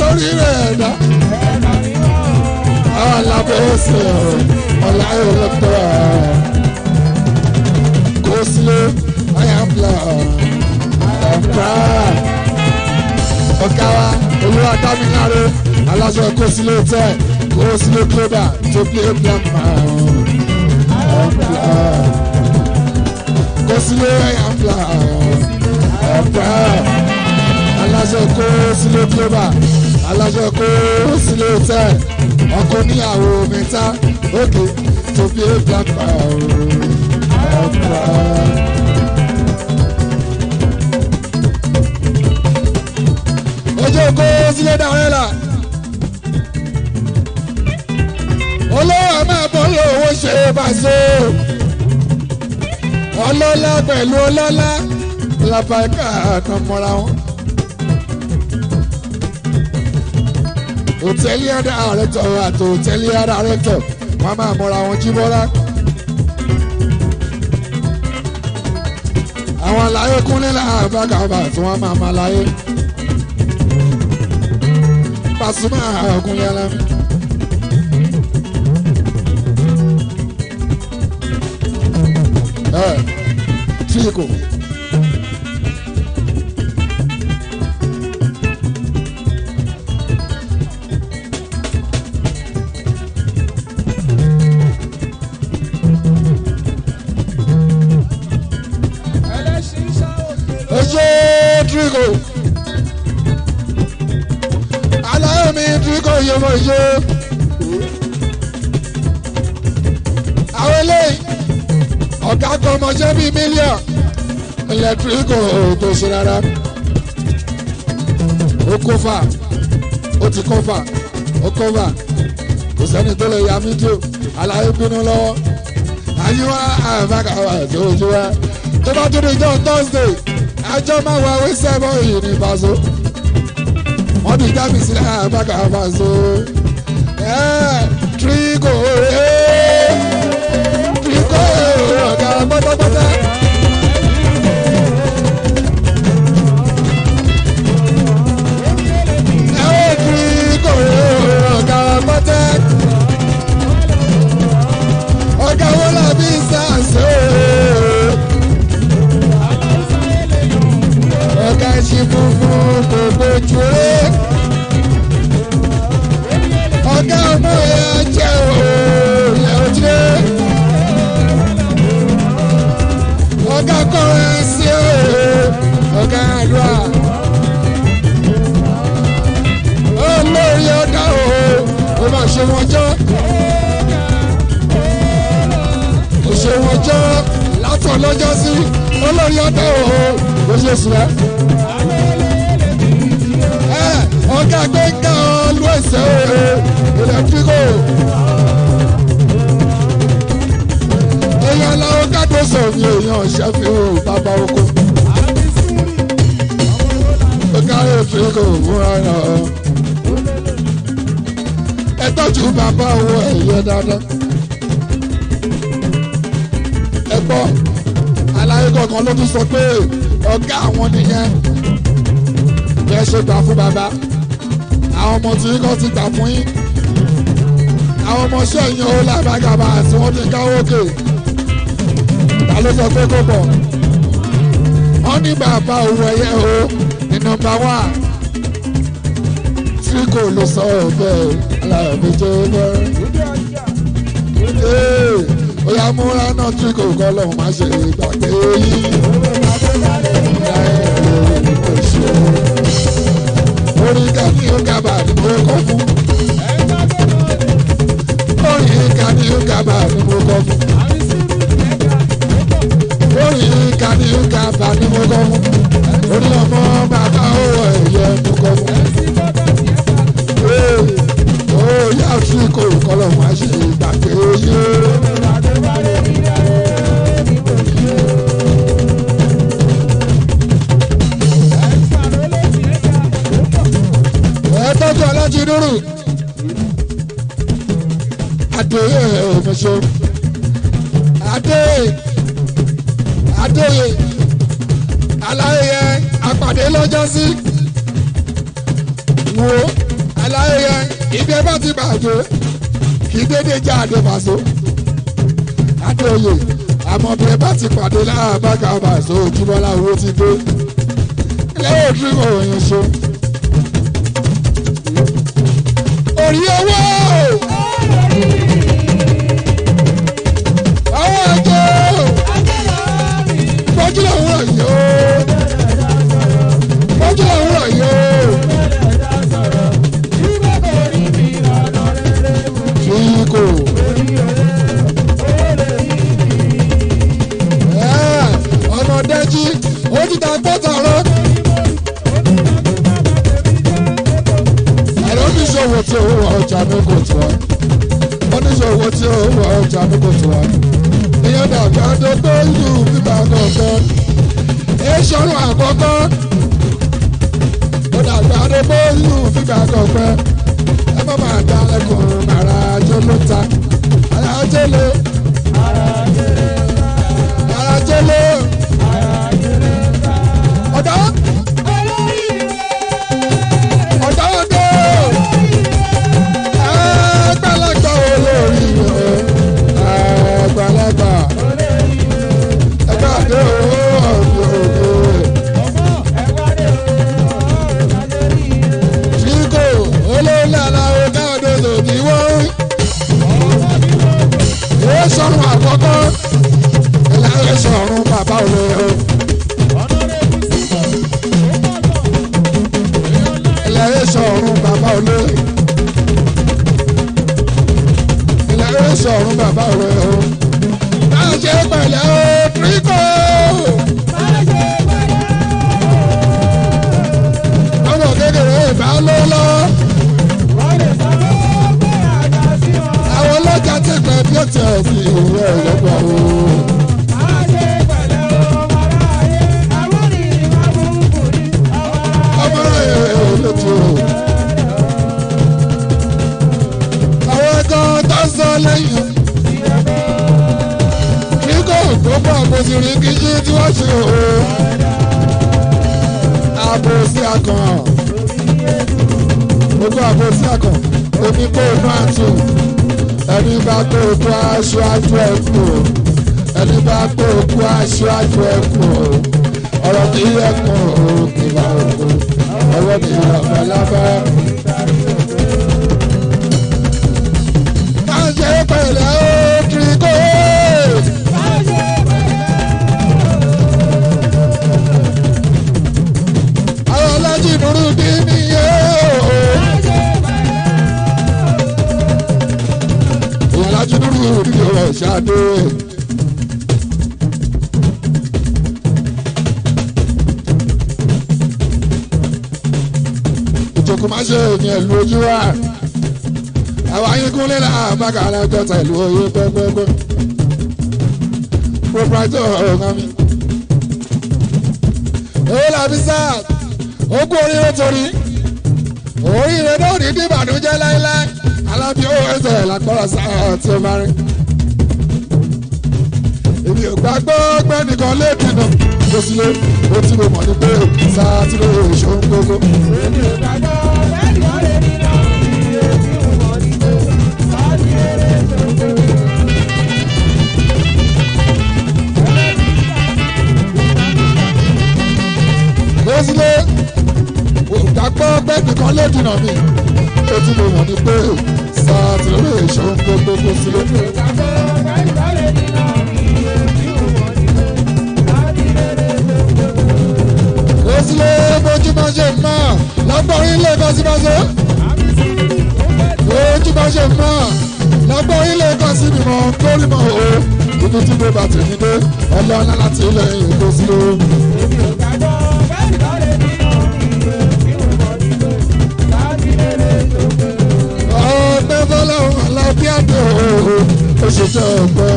lórí rẹ̀ dá. àwọn alábẹ́sẹ̀ ọ̀làyé ọlọ́tọ̀ kò sílẹ̀ ayábla ọ̀pá ọ̀gá wa olúwa dámínáró aláṣọ kò sílẹ̀ tẹ̀ kò sílẹ̀ kódà tó bí ebi àmà ọ̀pá kò sílẹ̀ ayábla ọ̀pá aláṣọ kò sílẹ̀ kódà alájọ kó sílé tẹ́ ọkọ níyàwó mẹ́ta òkè tó fi black power ọ̀pá. ojú kó sílé dàrẹ́là olówó mẹ́bọ̀ lówó ṣe bàṣẹ ọlọ́lá pẹ̀lú ọlọ́lá làbàkà àtàmọ́ra wọn. òtẹ́lì àdàrẹ́tọ̀ àti òtẹ́lì àdàrẹ́tọ̀ wọ́n á máa mọra wọn jí bọ́lá. àwọn àlàyé kúnlẹ̀ láàrin bàgàbà tí wọ́n máa máa láyé. Pasuma kúnlẹ̀ lẹ́nu. ẹ tíì kò. ṣe. àwọn eléyìí ọ̀gá kan ọmọọṣẹ́ bíi mílíọ̀n ẹlẹtíríkì tó ṣe rárá ó kófà ó ti kófà ó kófà kò sẹ́ni tó lè ya fídíò aláyé bínú lọ́wọ́ àyíwá àbákàwà tó ojú wa tó bá tó di jọ́ thursday máa wá wí sẹ́mọ́ ìyìn ní ìbáṣọ́ wọ́n tún jábì sílẹ̀ àbákà fàṣọ. tíríkò rẹ̀ tíríkò rẹ̀ ọ̀gá pátápátá. tíríkò rẹ̀ ọ̀gá pátá. ọ̀gá wọlé bí sàṣẹ. ọ̀gá ṣe funfun kò gbójú rẹ̀. òṣèwọ̀njọ́ òṣèwọ̀njọ́ látọ̀ lọ́jọ́ sí olórí ọ̀dọ́ òhò òṣèṣùwẹ́. I think God will say, let you go. Èèyàn làwọn kádó sọ̀yìn èèyàn ṣẹ́fì bàbá oko. Ó káyọ̀ fi kò múra yàn Ẹ tọ́jú bàbá owó ẹ̀yẹ dáadáa. Ẹ gbọ́, aláyé kọ̀ọ̀kan ló tún sọ pé ọ̀gá àwọn nìyẹn. Bẹ́ẹ̀ ṣe gbà fún bàbá àwọn ọmọ tí kò ti tà fún yín àwọn ọmọọṣẹ́ yín ó làbàgàbà àti wọ́n ti ń káwó kè ta ló sọ pé kò pọ̀ wọ́n ní bàbá òun ẹ̀yẹ o ní nọ́mbà wá tí kò lè sọ ọ̀fẹ́ aláàbí tó bẹ́. Oya múra náà tí kò kọ́ lọ́hùn má ṣe ìgbàgbé yìí. Ìyá ẹ̀rọ ni kò ṣe é orin ká ní ọgá bàbí mo kọ́ fún. orin ká ní ọgá bàbí mo kọ́ fún. orin ká ní ọgá bàbí mo kọ́ fún. orí ọmọ bàbá owó ẹ̀yẹ mo kọ́ fún. ó yá sí kò wá sí ìgbàgbé yé. rántí dúró adéyé òfìṣó adéyé adéyé aláyẹ àpàdé lọ́jọ́ sí wo aláyẹ ibẹ̀ bá ti bàjẹ́ kì í dédé já àdébàṣó adéyé àmọ̀bẹ bá ti pàdé láàbàkà bàṣó ojúbọ́lá owó ti dé lẹ́yìn ojú òyìnbó. orí owó. mi kò tó wá oníṣòwò tí ó wà ọjà mi kò tó wá ìyẹn dàbí adógbó ìlú bíbá kọ̀ọ̀kan èsọ̀rọ̀ àkọ́kọ́ ó dàbí adógbó ìlú bíbá kọ̀ọ̀kan ẹ má máa dá ẹkùn màrà àjọ ló ta àrà àjẹlé àrà àjẹlé. tí o máa rìn. èmi ò gbàgbọ́ pé nìkan lè dènà kó sílé ó tí mo mọ̀ ní pé sátidé èso ń gbogbo. èmi ò gbàgbọ́ pé nìkan lè dènà ìdílé tí mo mọ̀ ní pé sátidé èso ń gbogbo. kó sílé ò gbàgbọ́ pé nìkan lè dènà mi ó tí mo mọ̀ ní pé bá ti lórí èso gbogbogbò sí lójú. ó sì lé bójúmọ́ ṣe máa lágbọ́rin lè kọ́síbọ́sẹ́. bójúmọ́ ṣe máa lágbọ́rin lè kọ́síbìmọ̀ kórìmọ̀ o. ibi tí mo bá ti ní dé ọlọ́ọ̀lá láti ilẹ̀ èkó sí o. kí á dé òhòhò ó ṣe tán ọ̀pọ̀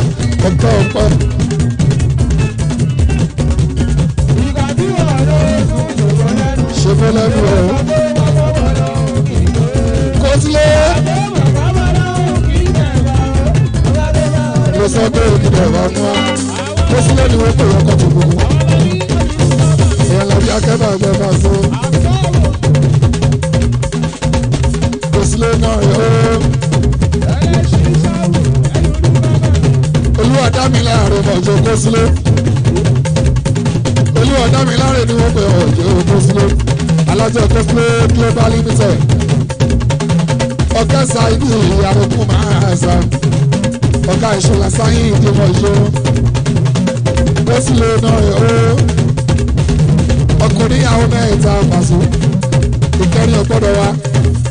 ọ̀pọ̀ ọ̀pọ̀. ṣe fẹ́ lẹ́nu ẹ̀ kó sílé. mo sọ pé òkìdá ọ̀bá mú wa kó sílé ni wọ́n pè wọ́n kọ́ tó gbogbo. ìyẹn lọ bí akẹ́bà gbẹ bá so. kó sílé náà yọ olúwa dá mi láàrin ọjọ́ kó ni wọ́n pe ọjọ́ kó sílé alájọ kó sílé global limited ọ̀gá ṣáìdì ìyàwó kù máa ṣá ọ̀gá ìṣọ̀lá sáyìn ìdíwọ̀ ìṣó kó sílé náà yọ̀ ọkùnrin àwọn mẹ́ta pàṣẹ ìkẹrin ọ̀gbọ́dọ̀ wa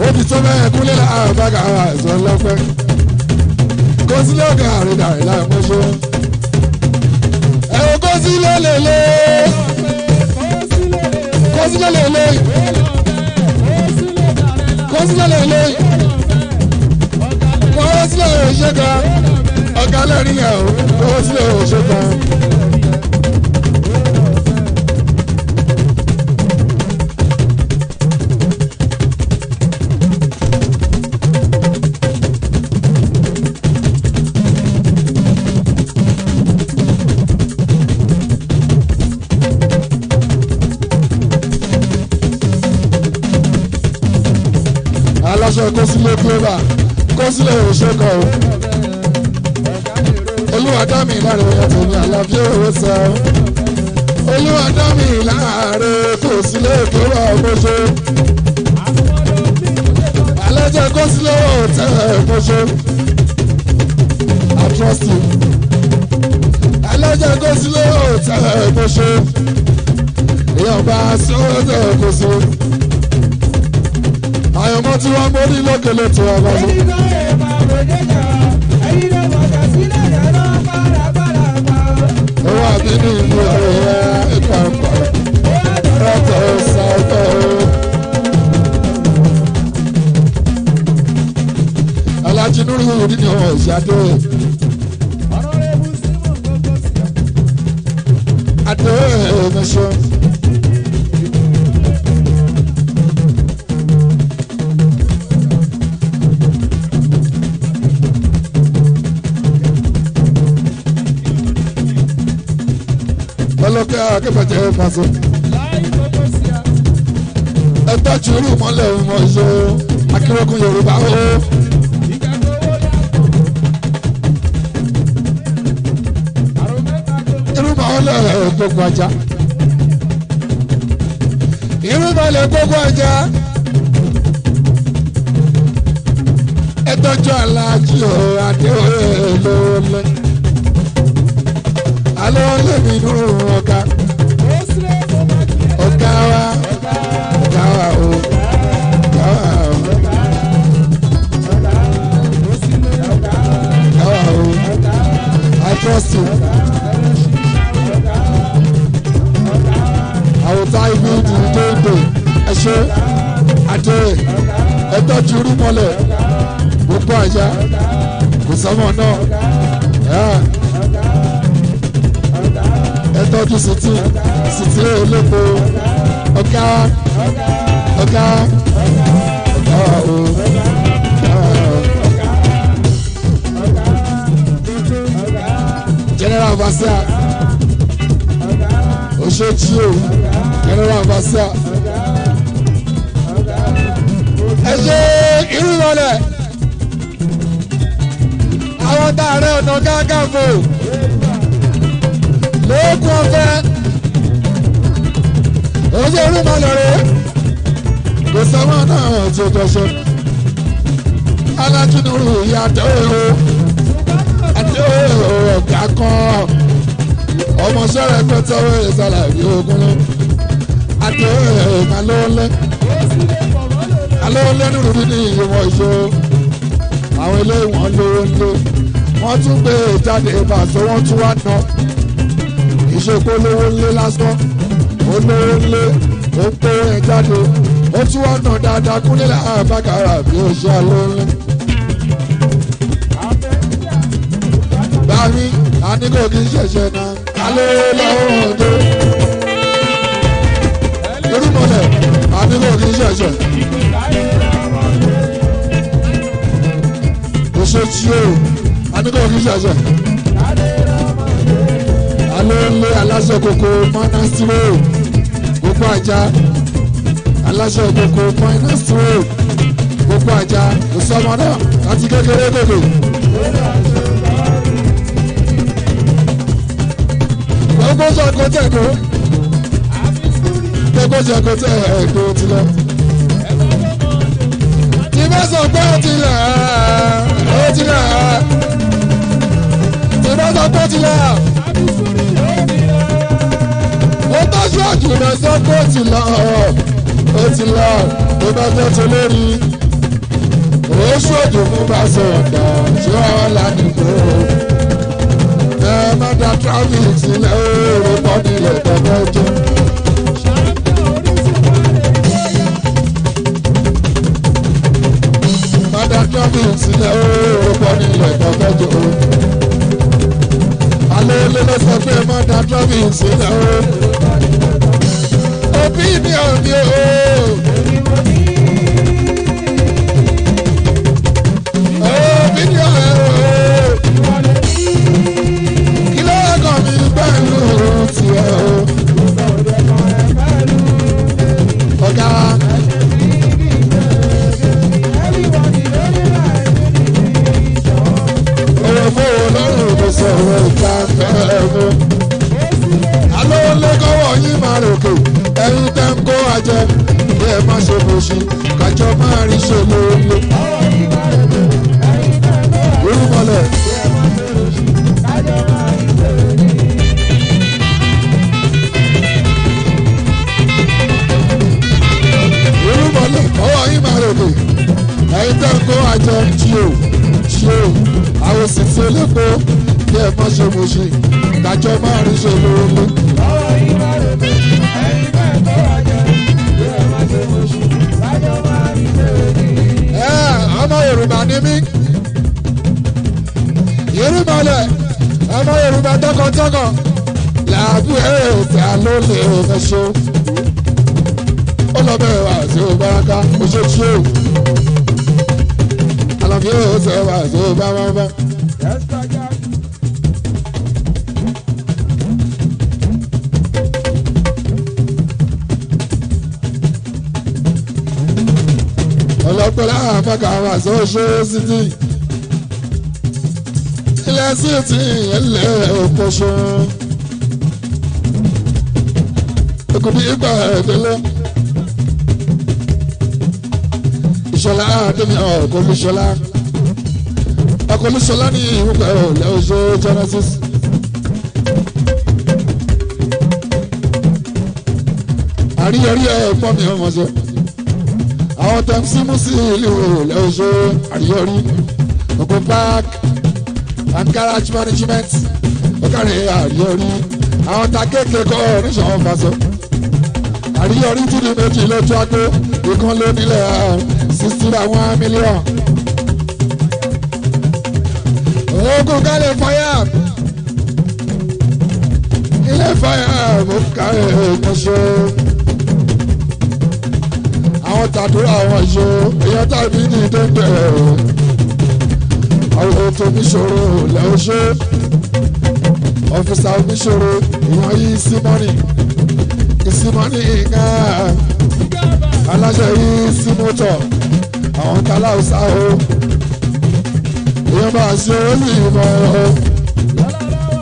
ó ti tó mẹ́ẹ̀kúnlẹ̀ àbága àìsàn lọ́fẹ̀ẹ́ kó sí lọ́dọ̀ àrídàrí láìpẹ́ṣẹ́. ẹ̀wọ̀n kó sí lélele kó sí lélele kó sí lélele kó sí lélele ṣẹ́ka ọ̀gá lẹ́rìí ẹ̀ kó sí lélele ṣẹ́ka. kọ́sílẹ̀ flavour kọ́sílẹ̀ òṣèkọ̀ o. olúwa dá mi láre ẹ̀yẹ tèmi àlàáfíà owó sọ. olúwa dá mi kọ́sílẹ̀ flavour ọmọṣẹ́. alájà kọ́sílẹ̀ ọ̀tẹ̀ ọmọṣẹ́. I trust you. alájà kọ́sílẹ̀ ọ̀tẹ̀ ọmọṣẹ́. ìyọ̀bá sọ́ọ̀tẹ̀ ọmọṣẹ́ àyànmọ́ tí wọ́n mórí lókè lótò ọ̀gá ló. owó àbí ní ìlú ẹ̀rọ ìka ọ̀pá rọ́tọ̀ ṣáìtọ̀ o. alájí nínú ìrìn ni ọ̀hún ìṣàdó. adé ẹ̀ẹ́dẹ́sọ̀. lọ́kẹ́ akẹ́fẹ̀jẹ́ faso. ẹ tọ́jú irú mọ́lẹ̀ ìmọ̀ ìṣó akérèkún yorùbá o. irú mọ́lẹ̀ gbogbo ajá. irú mọ́lẹ̀ gbogbo ajá. ẹ tọ́jú aláàjì o adé olóòlè alẹ́ wọn lè mi nú ọ̀gá ọ̀gá wa ọ̀gá wa o ọ̀gá wa o ọ̀gá wa o I trust you. àwòtá ibi ìdìbò tó ń pè ẹ ṣe àdé ẹ tọ́jú irú gbogbo àyà kò sọ́mọ náà tọ́jú sítì sítì olóko ọ̀gá ọ̀gá ọ̀gá o. general overseer oṣooṣi o general overseer ẹ ṣe irú ìrọ̀lẹ́ àwọn tá a rẹ ọ̀nà gágàfo lóògùn ọ̀fẹ́ oúnjẹ olúmọlẹ̀ rẹ̀ kò sáwọn náà ti jọṣọ alájínúrú ìyá àtẹwéwò àtẹwéwò ọ̀gá kan ọmọọṣẹ́ rẹ̀ pẹ́tẹ́wé ìsàlàyé ogun lọ àtẹwéwò kálọ́ọ̀lẹ́ alọ́ọ̀lẹ́ nínú dídí ìwọ̀n ìṣòro àwọn ilé ìwọ̀n lówó ńlé wọ́n tún gbé e jáde ìbàṣọ wọ́n tún wá náà ìṣèpò olówó lé lásán olówó lé ó ń kó ẹ jáde ó tún wá nà dáadáa kúnlẹ̀ àbákàrà bí ó ṣe alóńlé. bámi àníkò kì í ṣẹ̀ṣẹ̀ náà alẹ́ lọ́wọ́ ọdẹ. irúmọlẹ̀ àníkò kì í ṣẹ̀ṣẹ̀. kò o àníkò kì í ṣẹ̀ṣẹ̀ olóńlé aláṣọ kòkó finance road gbogbo ajá aláṣọ kòkó finance road gbogbo ajá òsọmọ náà láti kékeré dòdò. gbogbo ṣàkó tẹ̀kọ́ gbogbo ṣàkó tẹ̀kọ́ ti lọ. tí bá sọ pé ó ti là á ó ti là á tí bá sọ pé ó ti là ó tó ṣọ́ọ̀jù rẹ̀ sọ́kó ti lọ ó ti lọ tó bá jẹ́ tó lérí ó ṣọ́ọ̀jù fún pàṣẹ ọ̀dà tí wọ́n ládùúgbò ẹ má da traffic sílẹ̀ ó rò bọ́dí rẹ̀ tẹ́lẹ̀ Mada traffic sílẹ̀ ó rò bọ́dí rẹ̀ tẹ́lẹ̀ alẹ́ ló lọ sọ pé má da trọ́fì sílẹ̀ o. òbí mi ò ní o. oh, mi ò rẹ̀ o. kí ló wá kàn mí pẹ̀lú òun tiẹ̀ o. ọ̀gá wa. Sọ̀rọ̀ ìta fẹ́rẹ̀ oko. alówó lé kọ́wọ́ yín máa ròkè ẹ̀yin tẹ́ ń kó ajẹ́ bí ẹ má ṣe bó ṣe kájọ máa rí ṣe lóore. olúmọlẹ̀. olúmọlẹ̀ kọ́wọ́ yín máa ròkè ẹ̀yin tẹ́ ń kó ajẹ́ tí o tí o àwọn òṣìṣẹ́ lẹ́kọ̀ọ́ ayé ẹ mọ́ ṣe mo ṣe ìdájọ́ máa rí ṣe lóore. ọ̀rọ̀ yìí máa rò pé ẹ̀yin bẹ́ẹ̀ tó wà jẹ́ bí ẹ má ṣe mo ṣe ìdájọ́ máa rí ṣe lóore. ẹ ọmọ Yorùbá ni mí Yorùbálẹ̀ ọmọ Yorùbá tọkàntọkàn làbú ẹ ò fẹ́ ló lè fẹ́ ṣó ó lọ bẹ́ẹ̀ wá sí òbáraka oṣooṣù alábíyẹ̀ ó sẹ́ wá sí òbáraka. fàkàwà sọ́ṣọ́ sítì ilẹ̀ sítì ẹlẹ́ òkòṣọ́ èkúbí ìgbà ẹ̀dẹ́lẹ́ ìṣọ̀lá àdémi ọ̀kọ́lùṣọ̀lá ọ̀kọ́lùṣọ̀lá ní ìwúkọ̀ ọ̀lẹ́ ọ̀ṣọ́ genesis. àríyànjú ẹ̀ pọ́n mi ọmọ sọ àwọn tó ń símú sí ìlú lẹ́ọ̀ṣọ́ àríyọrí ògùn park and garage management ó kárí àríyọrí àwọn ta kékeré oníṣòwò faso àríyọrí tún ní méjì lójú agbó ìkan ló nílẹ̀ sixty by one million. ogun kálẹ̀ fáyà ilé fáyà mo kárẹ̀ ẹ̀ẹ́dẹ́sẹ̀ àwọn tàdúrà wọn ṣe èèyàn tàbí ní dẹ́gbẹ̀ àwọn òfòmíṣòro lẹ́ o ṣe ọ̀fíìsà oníṣòro ìwọ̀n yìí símọ́nì ìsímọ́nì ìgbà aláṣẹ yìí símọ́tọ̀ àwọn tálá ọ̀sá o èèyàn bá ṣe olú ìmọ̀ ẹ̀rọ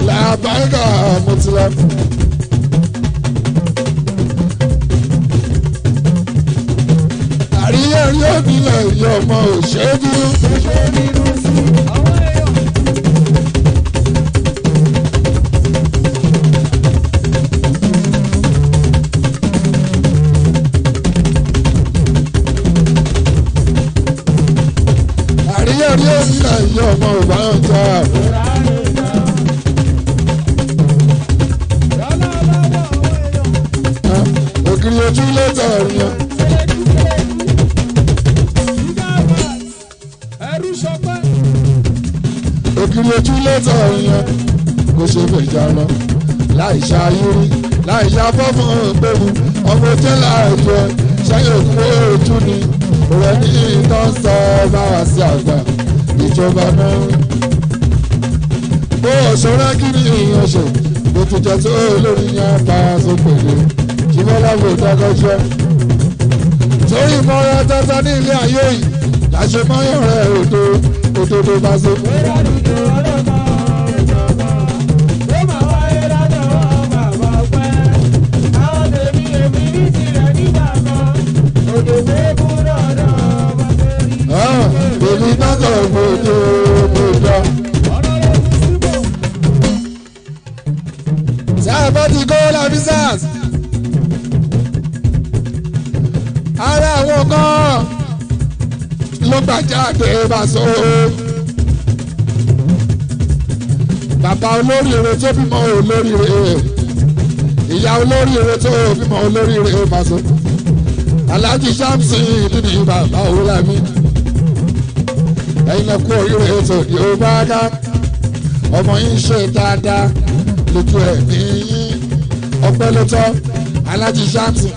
làbáyé kà mọ́tìlẹ́kùn. Ọlọ́run yóò bí lẹ́yìn ọmọ òṣèlú. òṣèlú sí àìyá fọ́fún òǹgbẹ̀mú ọmọ tẹ́lá ẹ̀jẹ̀ ṣẹ́yìn òkú ètú ni rẹ̀ ní ìtàn sọ máa sí àgbà ìjọba náà. bó ọ̀ṣọ́rá kí ni èèyàn ṣe bó ti jẹ́ tó lórí ní apá sókèlè ṣùgbọ́n lábò ìdákọ́jọ́. torí mọ́ra tata ní ilé ayé yìí láṣẹ mọ́yọ̀ rẹ̀ òdo òdodo bá ṣe fún un. òdòdó. sábàtì gold officers ara àwọn kan ló gbàjáde bàṣọ. bàbá olóríire tó bímọ olóríire ìyá olóríire tó bímọ olóríire bàṣọ. aláàjì Samson nínú bàbá òwúlà mi ẹ̀yin lẹ kú oríire ètò Yorùbá dá ọmọ yín ṣe dáadáa lójú ẹ̀ ní yín ọpẹ́ ló tọ́ alájí ṣáàtì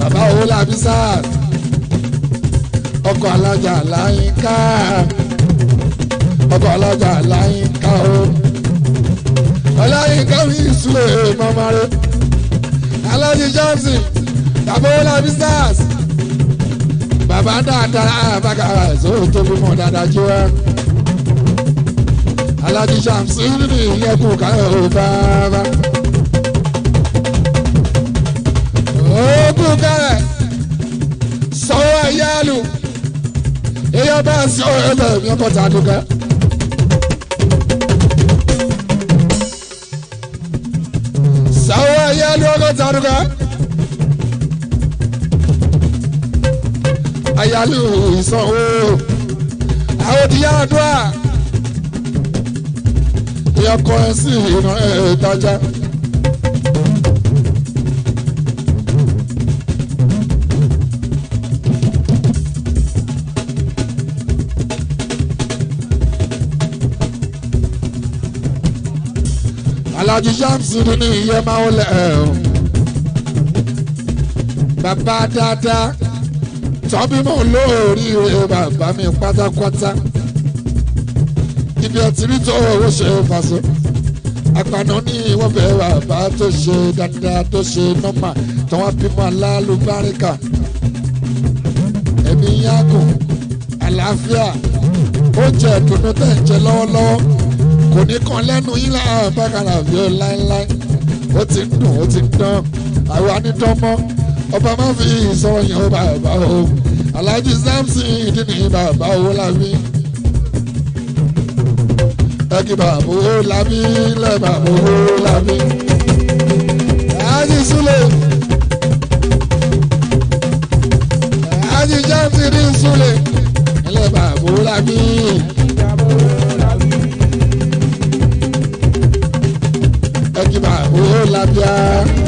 bàbá owó làbí sáà ọkọ̀ alájà láyínká ọkọ̀ alájà láyínká o ọláyínká mi ìsúlẹ̀ mọ́mọ́rẹ́ alájí johnson bàbá owó làbí sáà bàbá dáadáa àbáka àzóò tó fi mọ̀ dáadáa jí wá. alájí sàmsì nínú ìyẹ́kù káyọ̀ ó bàbá. ogun kẹrẹ sọwọ́ ẹ̀yà lù èyàn bá sọ ẹ̀bẹ̀ mi ọkọ̀ tà dùkẹ́. sọwọ́ ẹ̀yà lù tà dùkẹ́. àyálù ìsanwó àwòdìyá àdúrà ìyá ìrìnà ìtajà. Alhaji Shamsu ní ìyẹn máa ń lẹ̀ ẹ́ o bàbá dáadáa tàbí mò ń lóríire bàbá mi pátápátá ibi ọtí rí tó owó ṣe fàṣọ àpànà ní wọ́n fẹ́ bàbá tó ṣe dáadáa tó ṣe nọ́mà tó wá bímọ alálùbáríkà ẹ̀mí yágùn àlàáfíà oúnjẹ ìdùnnú tẹ̀ ń jẹ lọ́wọ́lọ́wọ́ kò ní kan lẹ́nu yín láàárọ̀ bákàrà bí ó láéláé ó ti ń dùn ó ti ń dán àwa ní dán mọ́ ọba má fi ìsọ̀rọ̀ yẹn ó bá ẹ̀ bá Alhaji Samson ìdí nìyí bàbá owó lábí. Ẹ̀kí bàbá owó lábí lẹ̀ bàbá owó lábí. Alhaji Sule. Alhaji Samson ní Sule. Ẹlẹ́ bàbá owó lábí. Ẹ̀kí bàbá owó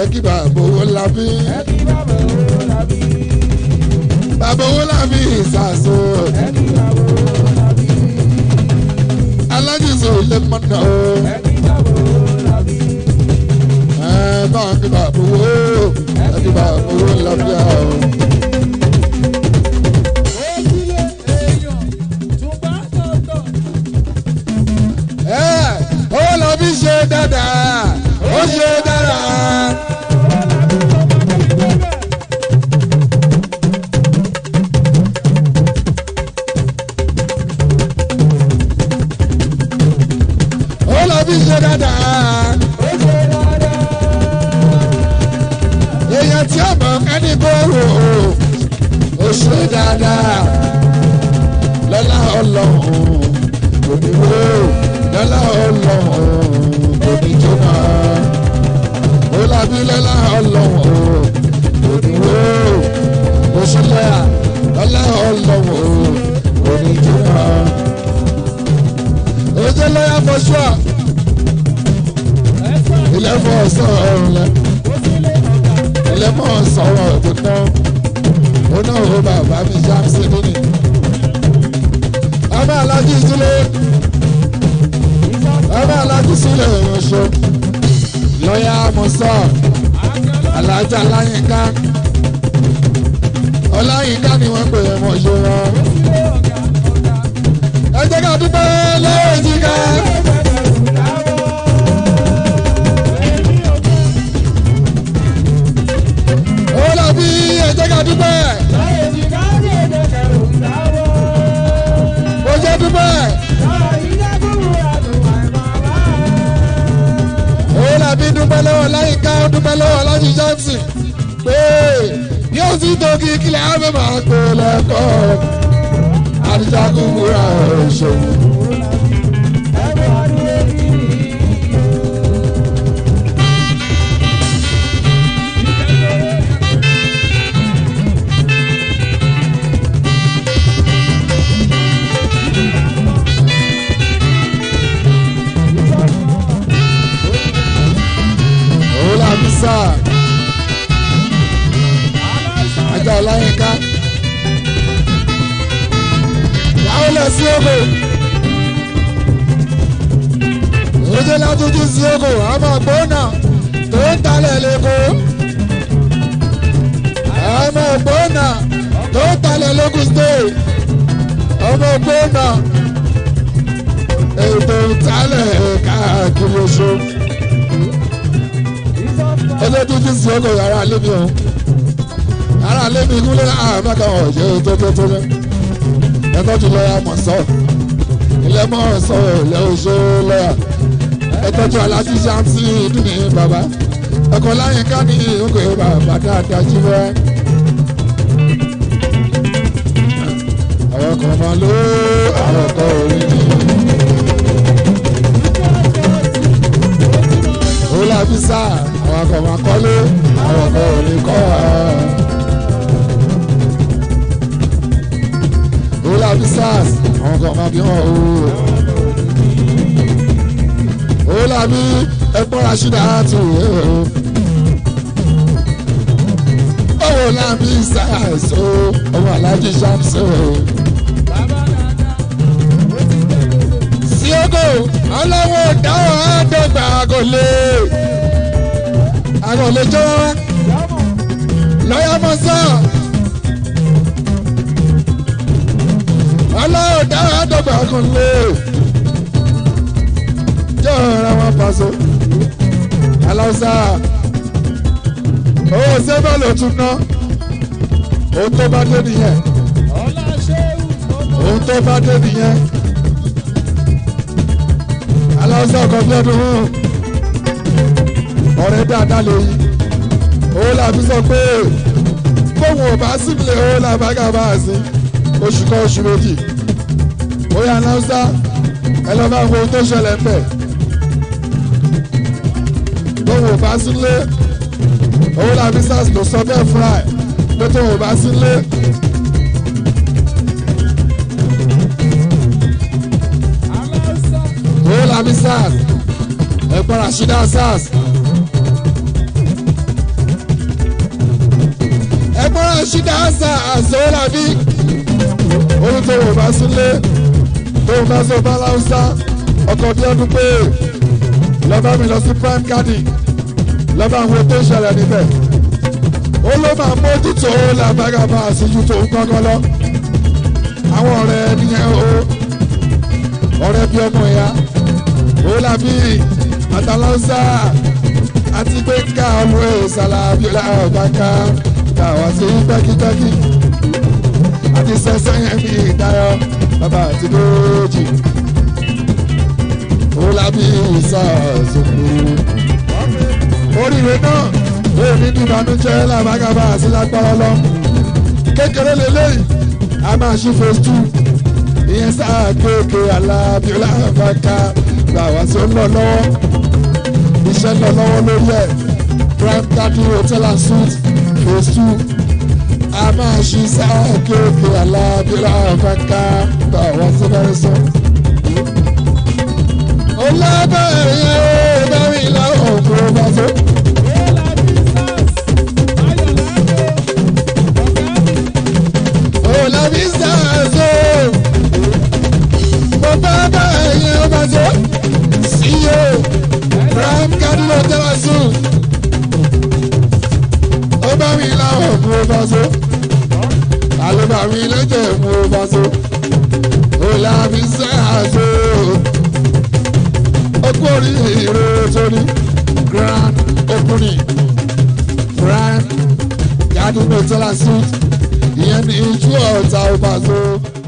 ẹ kí bàbá owó lábí. ẹ kí bàbá owó lábí. bàbá lábí ìsàsó. ẹ kí lábí. alájùsọ ilé mọ́nà o. ẹ kí bàbá owó lábí. ẹ bá kí bàbá owó ẹ kí bàbá owó lábí àwọn. ṣe dáadáa ó ṣe dáadáa. jagun múra ṣòwò. Olá, Missa! Siyoko Ojela Tutu Siyoko amagbona tó ń talẹ̀ lẹ́kọ̀ọ́ amagbona tó ń talẹ̀ lẹ́kọ̀ọ́ state amagbona ètò ìtalẹ̀ káàkiri oṣù Ojela Tutu Siyoko yàrá lẹ́bi ọ̀hún yàrá lẹ́bi ikú lẹ́la àmàkà ọ̀jẹ̀ tó tó tó lẹ́nu ẹ tọ́jú lọ́yà mọ̀sọ́ ilé mọ̀sọ́ ilé oṣó lọ́yà ẹ tọ́jú aláṣíṣà tí ìdùn ní bàbá ẹ̀kọ́ láyé ká ní òkè bàbá dáadáa jí fẹ́. àwọn kan máa ló àwọn kan orí mi. ó lábí sáà àwọn kan máa kọ́lé àwọn kan ò ní kọ́ wa. ó lábí sars àwọn kan máa bí wọn o ó lábí ẹgbọ́n rasheeda àti òwe la ó lábí sars o ọmọ alájí shams o. siogo ọlọ́wọ́ dáhùn àádọ́gba àgọ́lé àgọ́lé jọ̀wọ́ lọ́yà mọ́sán. aláàdá àdọ́gba kan lé jẹ́ ọ̀rọ̀ wọn pàṣẹ aláùsá owó sẹ́fẹ̀ ló tún ná ohun tó bá dé nìyẹn ohun tó bá dé nìyẹn aláùsá ọkọ̀ bí ọdún ọ̀rẹ́ dáadáa lè yí owó làbí sọ pé bóun ò bá síbi lè owó làbá bá a sí oṣù kan oṣù méjì bóyá anọ́sá ẹ lọ bá wo ohun tó ṣẹlẹ̀ ń bẹ̀. tóun ò bá sílé owó làbí sars ló sọ bẹ́ẹ̀ fúnra ẹ̀ pé tóun ò bá sílé. owó làbí sars ẹ̀pọ̀ rashida sars. ẹ̀pọ̀ rashida sars owó làbí orúkọ ò bá sílé tóun fẹ́ sọ bá láwùsá ọkọ̀ bí ọdún pé lọ́ba mi lọ sí prime garden lọ́ba àwọn ètò ìṣẹ̀lẹ̀ níbẹ̀ ó ló máa mójútó làbára bá àṣíjú tó ń lọ àwọn ọ̀rẹ́ nìyẹn o ọ̀rẹ́ bí ọmọ ìyá ó làbí àtàlánsá àti gbẹ̀ngà ọmọ ìsàlàbíọ́lá ọ̀gbàǹkà tàwa sí pẹ́kípẹ́kí àti sẹ́sẹ́ yẹn fi ìdáyọ̀ bàbá àti méjì Ọlábí ìsàsòkòrò. oríire náà èmi ní ìbànújẹ́ làbágàbà àti lágbára lọ kékeré lélẹ́yìn a máa ṣí phase two ìyẹn sáà kéèké alábíọ́lá àbáká làwọn tí ó ń lọ lọ́wọ́ iṣẹ́ ń lọ lọ́wọ́ lórí ẹ̀ prime daddy hotel and suite phase two a máa ṣí sáà kéèké alábíọ́lá àbáká ta wá sí lẹ́sọ̀. ó lábẹ́ ẹ̀yẹ ó dárí láwọn òkú bá tó. ó lábí sàásó mo bá bá ẹ̀yẹ ó bá tó. síyó ram kádùmọ̀ tẹ́wà sùn. ó bá mi láwọn òkú bá tó. àlọ́ bá mi lẹ́jẹ̀ mú bá tó ògo la fi ṣe àṣẹ okú oríire tó ní grand opening grand yadu mẹtọlá suit ìyẹn ní ijó ọ̀tá ọba tó.